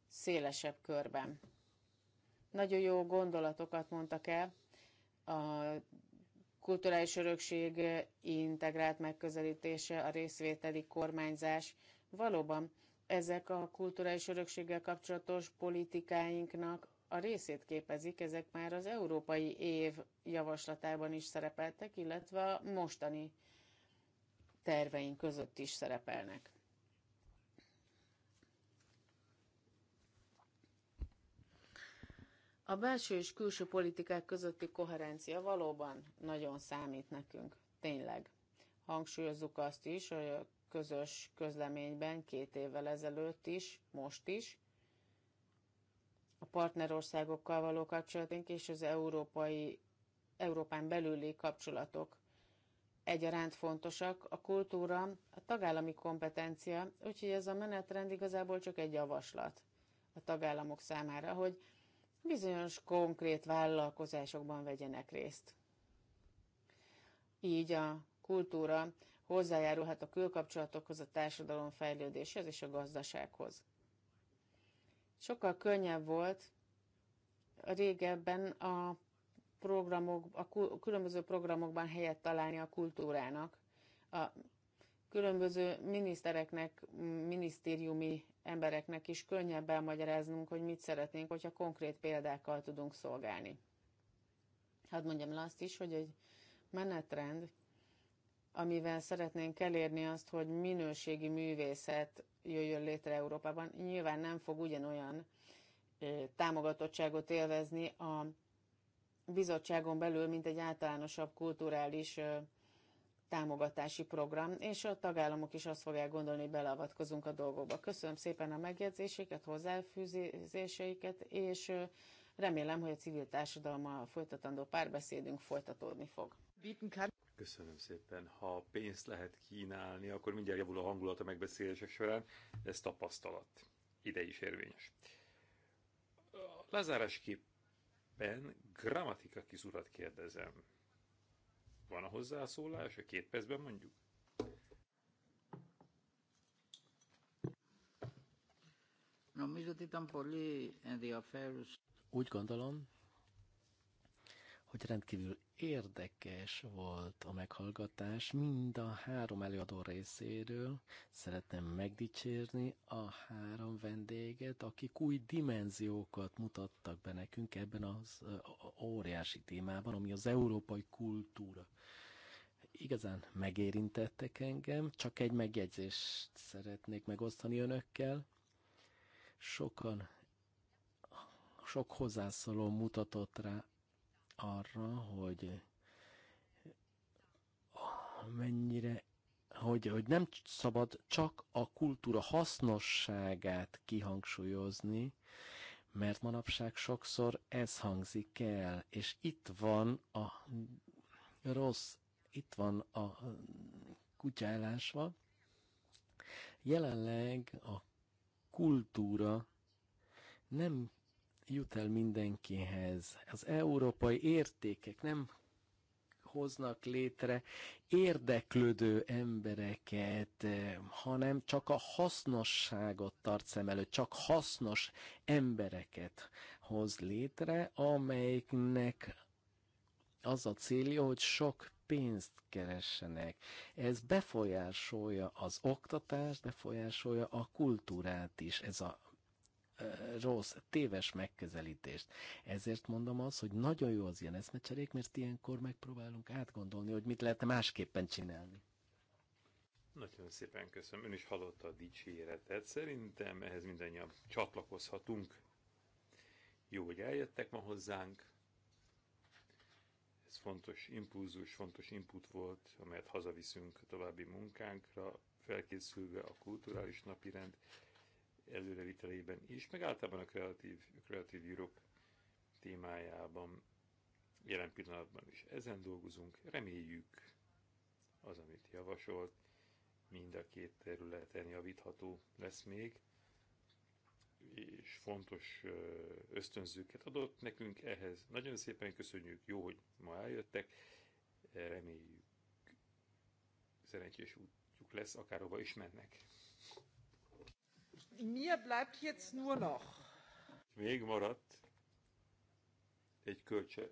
szélesebb körben. Nagyon jó gondolatokat mondtak el a kulturális örökség integrált megközelítése, a részvételi kormányzás. Valóban ezek a kulturális örökséggel kapcsolatos politikáinknak a részét képezik, ezek már az Európai Év javaslatában is szerepeltek, illetve a mostani terveink között is szerepelnek. A belső és külső politikák közötti koherencia valóban nagyon számít nekünk, tényleg. Hangsúlyozzuk azt is, hogy a közös közleményben két évvel ezelőtt is, most is, a partnerországokkal való kapcsolataink és az európai, Európán belüli kapcsolatok egyaránt fontosak, a kultúra, a tagállami kompetencia, úgyhogy ez a menetrend igazából csak egy javaslat a tagállamok számára, hogy bizonyos konkrét vállalkozásokban vegyenek részt. Így a kultúra hozzájárulhat a külkapcsolatokhoz, a társadalom fejlődéshez és a gazdasághoz. Sokkal könnyebb volt régebben a programok, a különböző programokban helyet találni a kultúrának. A különböző minisztereknek, minisztériumi embereknek is könnyebb elmagyaráznunk, hogy mit szeretnénk, hogyha konkrét példákkal tudunk szolgálni. Hát mondjam le azt is, hogy egy menetrend, amivel szeretnénk elérni azt, hogy minőségi művészet jöjjön létre Európában, nyilván nem fog ugyanolyan támogatottságot élvezni a bizottságon belül, mint egy általánosabb kulturális támogatási program, és a tagállamok is azt fogják gondolni, hogy beleavatkozunk a dolgokba. Köszönöm szépen a megjegyzéseket, hozzáfűzéseiket, és remélem, hogy a civil társadalommal folytatandó párbeszédünk folytatódni fog. Köszönöm szépen. Ha pénzt lehet kínálni, akkor mindjárt javul a hangulat a megbeszélések során. Ez tapasztalat. Ide is érvényes. Lezárásképp Ben grammatika kizurat kérdezem. Van a hozzászólás? A két percben mondjuk? Eh, Úgy gondolom, hogy rendkívül érdekes volt a meghallgatás mind a három előadó részéről. Szeretném megdicsérni a három vendéget, akik új dimenziókat mutattak be nekünk ebben az óriási témában, ami az európai kultúra. Igazán megérintettek engem, csak egy megjegyzést szeretnék megosztani önökkel. Sokan sok hozzászóló mutatott rá arra, hogy mennyire hogy, hogy nem szabad csak a kultúra hasznosságát kihangsúlyozni, mert manapság sokszor ez hangzik el, és itt van a rossz, itt van a kutyállásva. Jelenleg a kultúra nem jut el mindenkihez. Az európai értékek nem hoznak létre érdeklődő embereket, eh, hanem csak a hasznosságot tart szem előtt, csak hasznos embereket hoz létre, amelyiknek az a célja, hogy sok pénzt keressenek. Ez befolyásolja az oktatást, befolyásolja a kultúrát is, ez a rossz, téves megközelítést. Ezért mondom azt, hogy nagyon jó az ilyen eszmecserék, mert ilyenkor megpróbálunk átgondolni, hogy mit lehetne másképpen csinálni. Nagyon szépen köszönöm. Ön is hallotta a dicséretet. Szerintem ehhez mindannyian csatlakozhatunk. Jó, hogy eljöttek ma hozzánk. Ez fontos impulzus, fontos input volt, amelyet hazaviszünk a további munkánkra, felkészülve a kulturális napirend előreviteleiben is, meg általában a Creative, kreatív Europe témájában jelen pillanatban is ezen dolgozunk, reméljük az, amit javasolt, mind a két területen javítható lesz még, és fontos ösztönzőket adott nekünk ehhez. Nagyon szépen köszönjük, jó, hogy ma eljöttek, reméljük szerencsés útjuk lesz, akárhova is mennek. Mir bleibt jetzt nur noch. Még maradt egy kölcse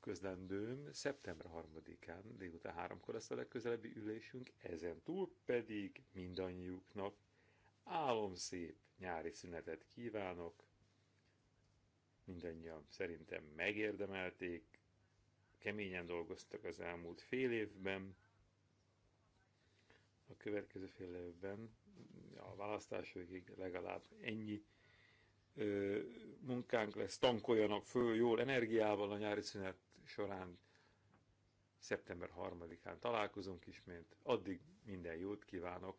közlendőm szeptember 3-án délután háromkor lesz a legközelebbi ülésünk, ezen túl pedig mindannyiuknak álomszép nyári szünetet kívánok. Mindannyian szerintem megérdemelték, keményen dolgoztak az elmúlt fél évben, a következő fél évben a választásokig legalább ennyi ö, munkánk lesz, tankoljanak föl jól energiával a nyári szünet során. Szeptember 3-án találkozunk ismét, addig minden jót kívánok,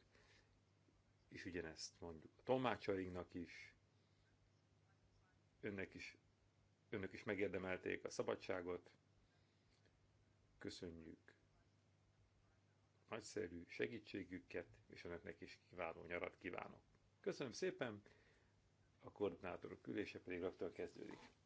és ugyanezt mondjuk a tolmácsainknak is, önnek is, önök is megérdemelték a szabadságot, köszönjük nagyszerű segítségüket, és önöknek is kiváló nyarat kívánok. Köszönöm szépen, a koordinátorok ülése pedig rögtön kezdődik.